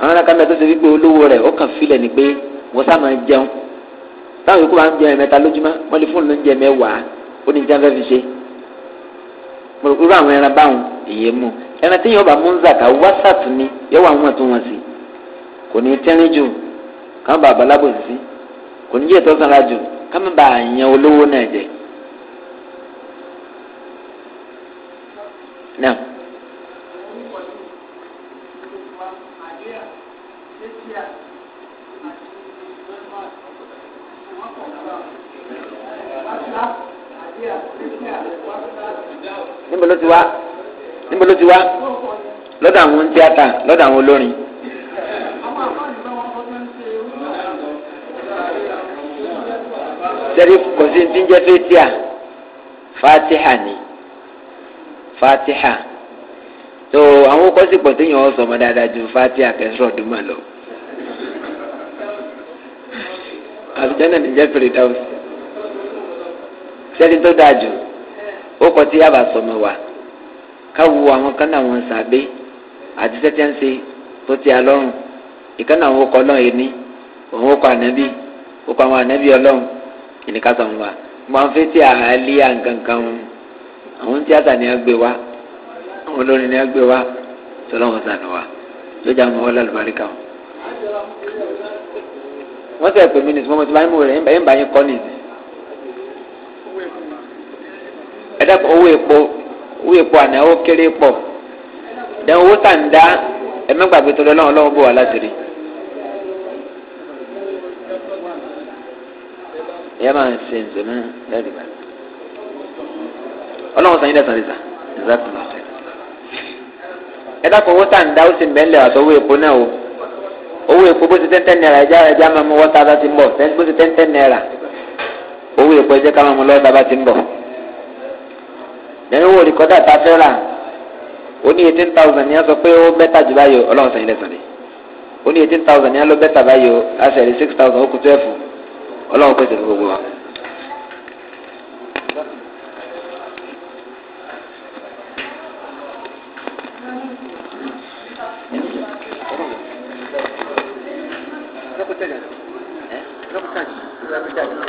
àwọn alákàmì tó ti fi pé olówó rẹ̀ ó kàn filẹ̀ ni pé wọ́n sá máa jẹun táwọn yòókù máa ń jẹun ẹ̀mẹ́ta lójúmọ́ wọ́n lè fóònù oúnjẹ mẹ́wàá ó ní jẹun fẹ́ fi ṣe irú àwọn ẹran báwọn èyí mú ẹran tí yóò bá mú zaka wásàtù ni yóò wà wọ́n tó wọn sí kò ní tẹ́rín jù káwọn bá balábò sí kò ní jẹ́ ìtọ́sán ra jù káwọn bá yan olówó náà jẹ níbo ló ti wá níbo ló ti wá lọ́dọ̀ àwọn tíátà lọ́dọ̀ àwọn olórin. sẹ́rí kò sí ti ń jẹ́ fẹ́tíà fatiha ni fatiha. àwòkọ́sí pọ̀ téèyàn ọ̀ sọmọ dáadáa ju fati àkẹ́sọ̀ ọdún mọ̀ lọ. àlùjáná ní jẹ́ pèrè dáwọ́ sí sẹ́ni tó dáa jù ó kọ́ tí yàrá sọmọ wa káwo àwọn kan náà wọn sàbẹ̀ àti sẹ́tẹ́ǹsì tó ti àlọ́run ìkan náà wọn kọ́ ọlọ́run yìí ní òun ó kọ́ ànábì ó kọ́ àwọn ànábì ọlọ́run ìníkà sọmọ wa mo àwọn fẹ́ẹ́ tí àhálí àǹkankan wọn àwọn tíátà ni a gbé wa àwọn olórin ni a gbé wa sọlọ́wọ́n sànù wa lójà mọ́ wọlé àlùbáríkà wọn. wọ́n sẹ̀ pé mínísítì mọ́mọ́tì báyìí mú rẹ̀ ẹ̀ ń bá yín kọ́ nìyí. ẹ dàpọ̀ owó epo owó epo àná ó kéré pọ̀ dẹ́n owó tàǹdá ẹ mẹ́gbàgbé tó lọ́wọ́ lọ́wọ́ bò wá láti rí. ìyá máa ń ṣe ǹzẹ̀ náà lẹ́rìí bá ọlọ́run sàn yín dẹ̀ sàn lè sàn ìzákùn lọ́sẹ̀. ẹ̀dàkùn owó tà ń da ó sì mẹ́lẹ̀ àti owó èpo náà o owó èpo bó ti tẹ́ntẹ́n náírà ẹja ẹja máa mú wọ́tá bá ti ń bọ̀ bó ti tẹ́ntẹ́n owó èpo ẹjẹ́ ká máa mú bá ti ń bọ̀ lẹ́yìn owó rìkọ́dà tá a fẹ́ rà ó ní eighteen thousand ní a sọ pé ó bẹ́tà jù báyò ọlọ́run sàn ilẹ̀ sàn ni ó ní eighteen thousand ní a lọ bẹ́tà báyò a sẹ̀rí six thousand gbogbo wa. represent